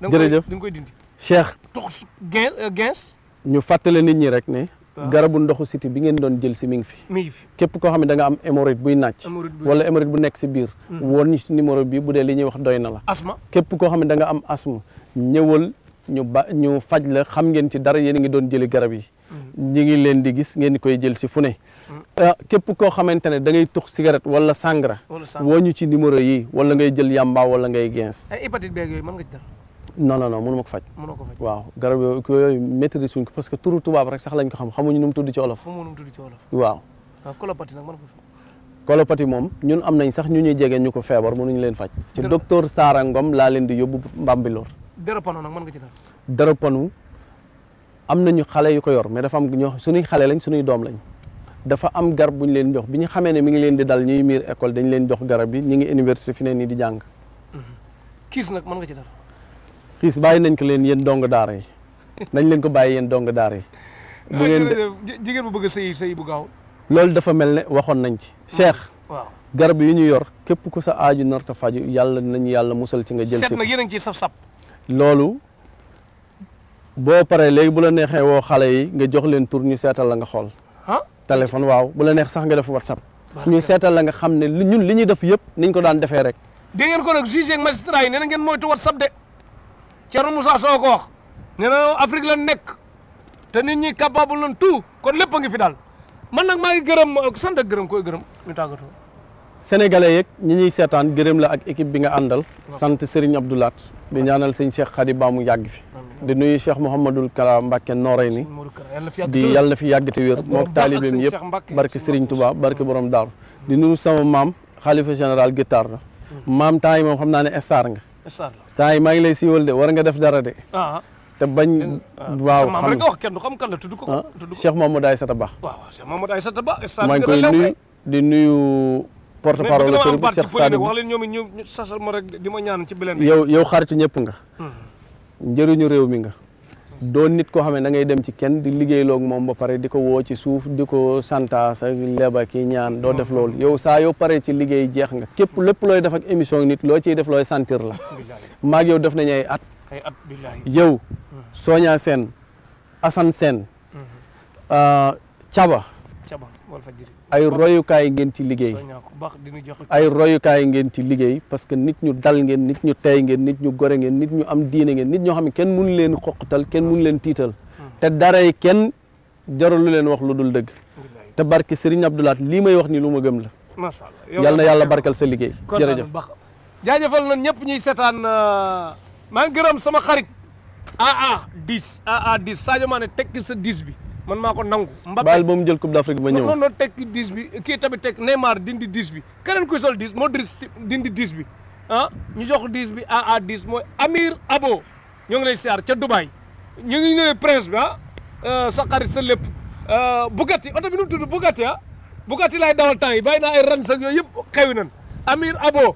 jërëjëf da nga koy dindi cheikh tux gens euh, ñu fàttale nit ñi rek ne garabu ndoxu siti bi ngeen doon jël si mi ngi fi mi ngi fi képp koo xam ne da nga am hémorroïde buy naaj wala hémorroïde bu nekk si biir hmm. woon ñu numéro bi bu dee li wax doy na la asma képp koo xam da nga am asthme ñëwal ñu ba ñu faj la xam ngeen ci dara yéen a ngi doon jëli garab yi hmm. ñi ngi leen di gis ngeen di koy jël si fu ne hmm. ah, képp koo xamante ne da ngay tux cigarette wala sangra woo ñu ci numéro yi wala ngay jël yamba wala ngay gens ay eh, hépatite beeg yooyu nga ci non non non mënu ma ko faj waaw garab yooyu yooyu maîtrise suñ ko parce que turu tubaab rek sax lañ ko xam xamuñu nu mu tudd ci olof waaw colopathie ah, moom ñun am nañ sax ñu ñuy jege ñu ko feebar mënuñu leen faj ci docteur Sara Ngom laa leen di yóbbu Mbambilor dérapano nag mën nga ci dara dérapano am nañu xale yu ko yor mais dafa am ñoo suñuy xale lañ suñuy doom lañ dafa am garab bu ñu leen jox bi ñu xamee ne mi ngi leen di dal ñuy miir école dañ leen jox garab yi ñu ngi université fi ne nii di jàng kiis nag mën nga ci dara xiis bàyyi nañ ko leen yéen dong daara yi nañ leen ko bàyyi yéen dong daara yi. ngeen ah, jigéen bu bëgg a sëy sëy bu gaaw. loolu dafa mel ne waxoon nañ ci. Ah, Cheikh waaw garab yu ñu yor képp ku sa aaju nar ta faju yàlla nañu yàlla musal ci nga. jël si set nag yéen a ngi ciy saf sap. loolu boo paree léegi bu la neexee woo xale yi nga jox leen tur ñu seetal la nga xool. téléphone waaw bu la neex sax nga def WhatsApp. ñu seetal la nga xam ne ñun li ñuy def yëpp niñ ko daan defee rek. dégg ngeen ko nag juge ak magistrat yi nee na ngeen moytu Thierno Moussa soo ko wax nee na Afrique la nekk te nit ñi capable lan tout kon lépp a ngi fi daal man nag maa ngi gërëm sant ak gërëm koy gërëm ñu tàggatoo. sénégalais yeeg ñi ñuy seetaan gërëm la ak équipe bi nga àndal. sant Serigne Abdou Lahat di ñaanal sëñ Cheikh Khady Ba mu yàgg fi. di nuyu Cheikh Mouhamadul Kala Mbacke Nooray ni di yàlla fi yàgg te wér mook taalibeem yëpp barke Serigne Touba barke borom daaru di nuyu sama maam xaalifa général Guitare la. Mm. maam temps yi moom xam naa ne star temps yi maa ngi lay siiwal de war nga def dara de. Ah. te bañ. Ah. waaw xam nga wax kenn du xam kan ah. koy nuyu di nuyu. porte parole la kër bi Cheikh yow yow xaritu ñëpp nga. Hmm. njëriñu réew mi nga. doon nit koo xam ne da ngay dem ci kenn di liggéeyloog moom ba pare di ko woo ci suuf di ko santaas ak leba ki ñaan doo def loolu mm-hmm. yow saa yow pare ci liggéey jeex nga képp mm-hmm. lépp looy def émission nit loo ciy def looy sentir la maag yow def nañu ay at yow mm-hmm. Soña Sène Assane Sène Caba euh, ay royukaay ngeen ci liggéey ay royukaay ngeen ci liggéey parce que nit ñu dal ngeen nit ñu tey ngeen nit ñu gore ngeen nit ñu am diine ngeen nit ñoo xam ne kenn mënu leen xoqatal kenn mënu leen tiital hmm. te daray kenn jaralu leen wax lu dul dëgg te barke Serigne Abdoulaat lii may wax ni lu ma gëm la macha allah yal na yàlla barkal sa liggéey jërëjëf fal na ñëpp ñuy seetaan euh, maa ngi gërëm sama xarit AA 10 AA 10 Sadio Mané tekki sa 10 bi man maa ko nangu. Mbappé baal ba mu jël coupe d'Afrique ba ñëw non non tekki 10 bi kii tamit tekk Neymar dindi 10 bi keneen kuy sol 10 Modric dindi 10 bi ah, ñu jox diis bi AA 10 moo Amir Abo ñoo ngi lay siyaar ca Dubaay ñu ngi ñëwee prince bi ah euh, sa xarit sa lépp euh, Bugatti oto bi nu mu tudd Bugatti ah Bugatti laay dawal temps yi bàyyi naa ay ran sax yooyu yëpp xewi nan Amir Abo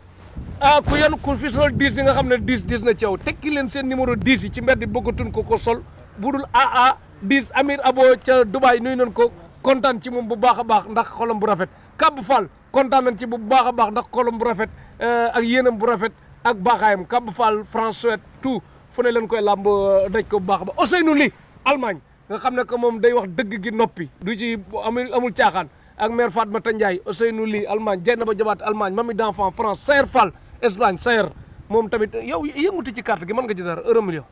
ah ku yan ku fi sol 10 yi nga xam ne 10 10 na ci yow tekki leen seen numéro 10 yi ci mbedd bëggatun ko ko sol budul AA. 10 Amir Abo ca Dubaay nuyu nañ ko kontaan ci moom bu baax a baax ndax xolom bu rafet Kab Fall kontaan nañ ci bu baax a baax ndax xolom bu rafet eh, ak yéenam bu rafet ak baaxaayam Kab Fall François tout fu ne leen koy làmb eh, daj ko bu baax a baax Ousseynou Ly Allemagne nga xam ne que moom day wax dëgg gi noppi du ci amul amul caaxaan ak mère Fatmata Ndiaye Ousseynou Ly Allemagne Dieynaba Diabaté Allemagne Mami d'enfant France Sayer Fall Espagne Sayer moom tamit yow yëngutu ci carte gi mën nga ci dara euro million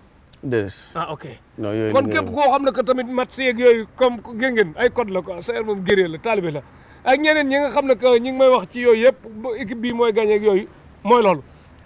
déedéet ah ok non yooyu kon képp koo xam ne que tamit match yeeg yooyu comme géngeen ay code la quoi seer moom gérée la taalibe la ak ñeneen nga xam ne que ñi ngi may wax ci yooyu yëpp équipe bii mooy gagné ak yooyu mooy lool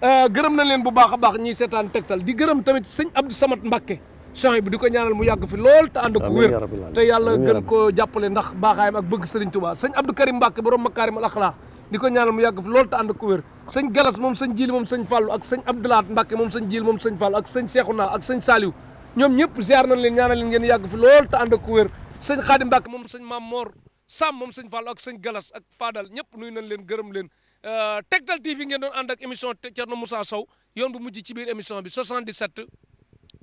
euh, gërëm na leen bu baax a baax ñiy seetaan teg tal di gërëm tamit sëñ Abdou samat Mbacké champs bi di ko ñaanal mu yàgg fi lool te ànd ko wér te yàlla gën koo jàppale ndax baaxaayam ak bëgg Sëriñ Tuubaa sëñ Abdou Karim Mbacké borom Makaarim al Axlaaq di ko ñaanal mu yàgg fi loolu te ànd ko wér sëñ galas moom sëñ jili moom sëñ fàllu ak sëñ abdulaat mbàkke moom sëñ jili moom sëñ fàllu ak sëñ seexuna ak sëñ saaliw ñoom ñëpp ziar nañ leen ñaanal leen ngeen yàgg fi loolu te ànd ko wér sëñ xaadim mbàkke moom sëñ maam moor sam moom sëñ fàllu ak sëñ galas ak faadal ñëpp nuyu nañ leen gërëm leen euh, Tektal TV ngeen doon ànd ak émission Thierno Moussa Sow yoon bu mujj ci biir émission bi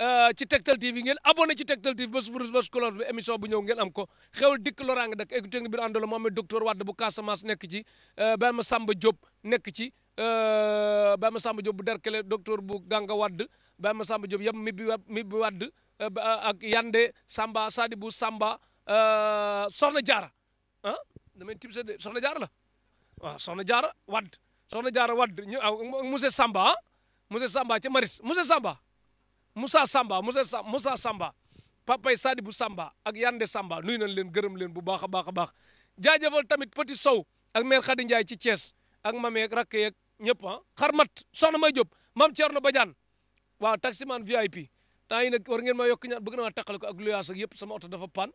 Euh, ci Tektal TV ngeen abonné ci Tektal TV bés bu rus bés couleur bi émission bu ñëw ngeen am ko xewal dikk loraange dëkk écouté nga biir àndala moom docteur Wade bu Casamance nekk ci euh, Baye Massamba Diop nekk ci euh, Baye Massamba Diop bu Derkele docteur bu Ganga Wade Baye Massamba Diop yam mi bi mi ak Yande Samba Sadi bu Samba Soxna Jaara ah damay tib sa Soxna Jaara la waaw Soxna Jaara Wade Soxna Jaara a ñu monsieur Samba ah monsieur Samba ca Maris monsieur Samba Moussa Samba Moussa Samba Moussa Samba papay Sadibou Samba ak Yande Samba nuyu nañ leen gërëm leen bu baax a baax a baax jaajëfal tamit Petit Sow ak mère Khady Ndiaye ci Thiès ak mameeg rakk yeeg ñëpp ah xarmat soxna may Diop mam Thierno Badiane waaw taximan VIP temps yi nag war ngeen ma yokk ñaan bëgg na ma taqale ko ak luyaas ak yëpp sama oto dafa paan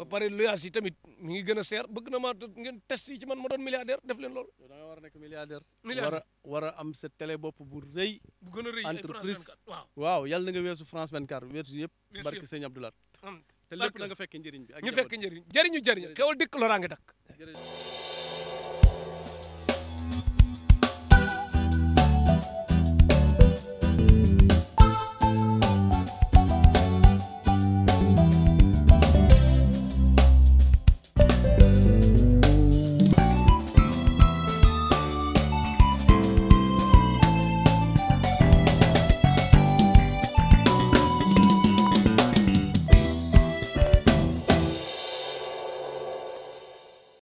ba pare loyage yi tamit mi ngi gën a seer bëgg na maa ngeen test yi ci man ma doon milliardaire def leen loolu. war a nekk milliardaire. a a am sa télé bopp bu rëy. bu gën a rëy entreprise waaw yàlla na nga weesu France 24 weesu yëpp. weesu yëpp barke sëñ te lépp na nga fekk njëriñ bi ak ñu fekk njëriñ jëriñu jëriñ xewal dëkk loraange dakk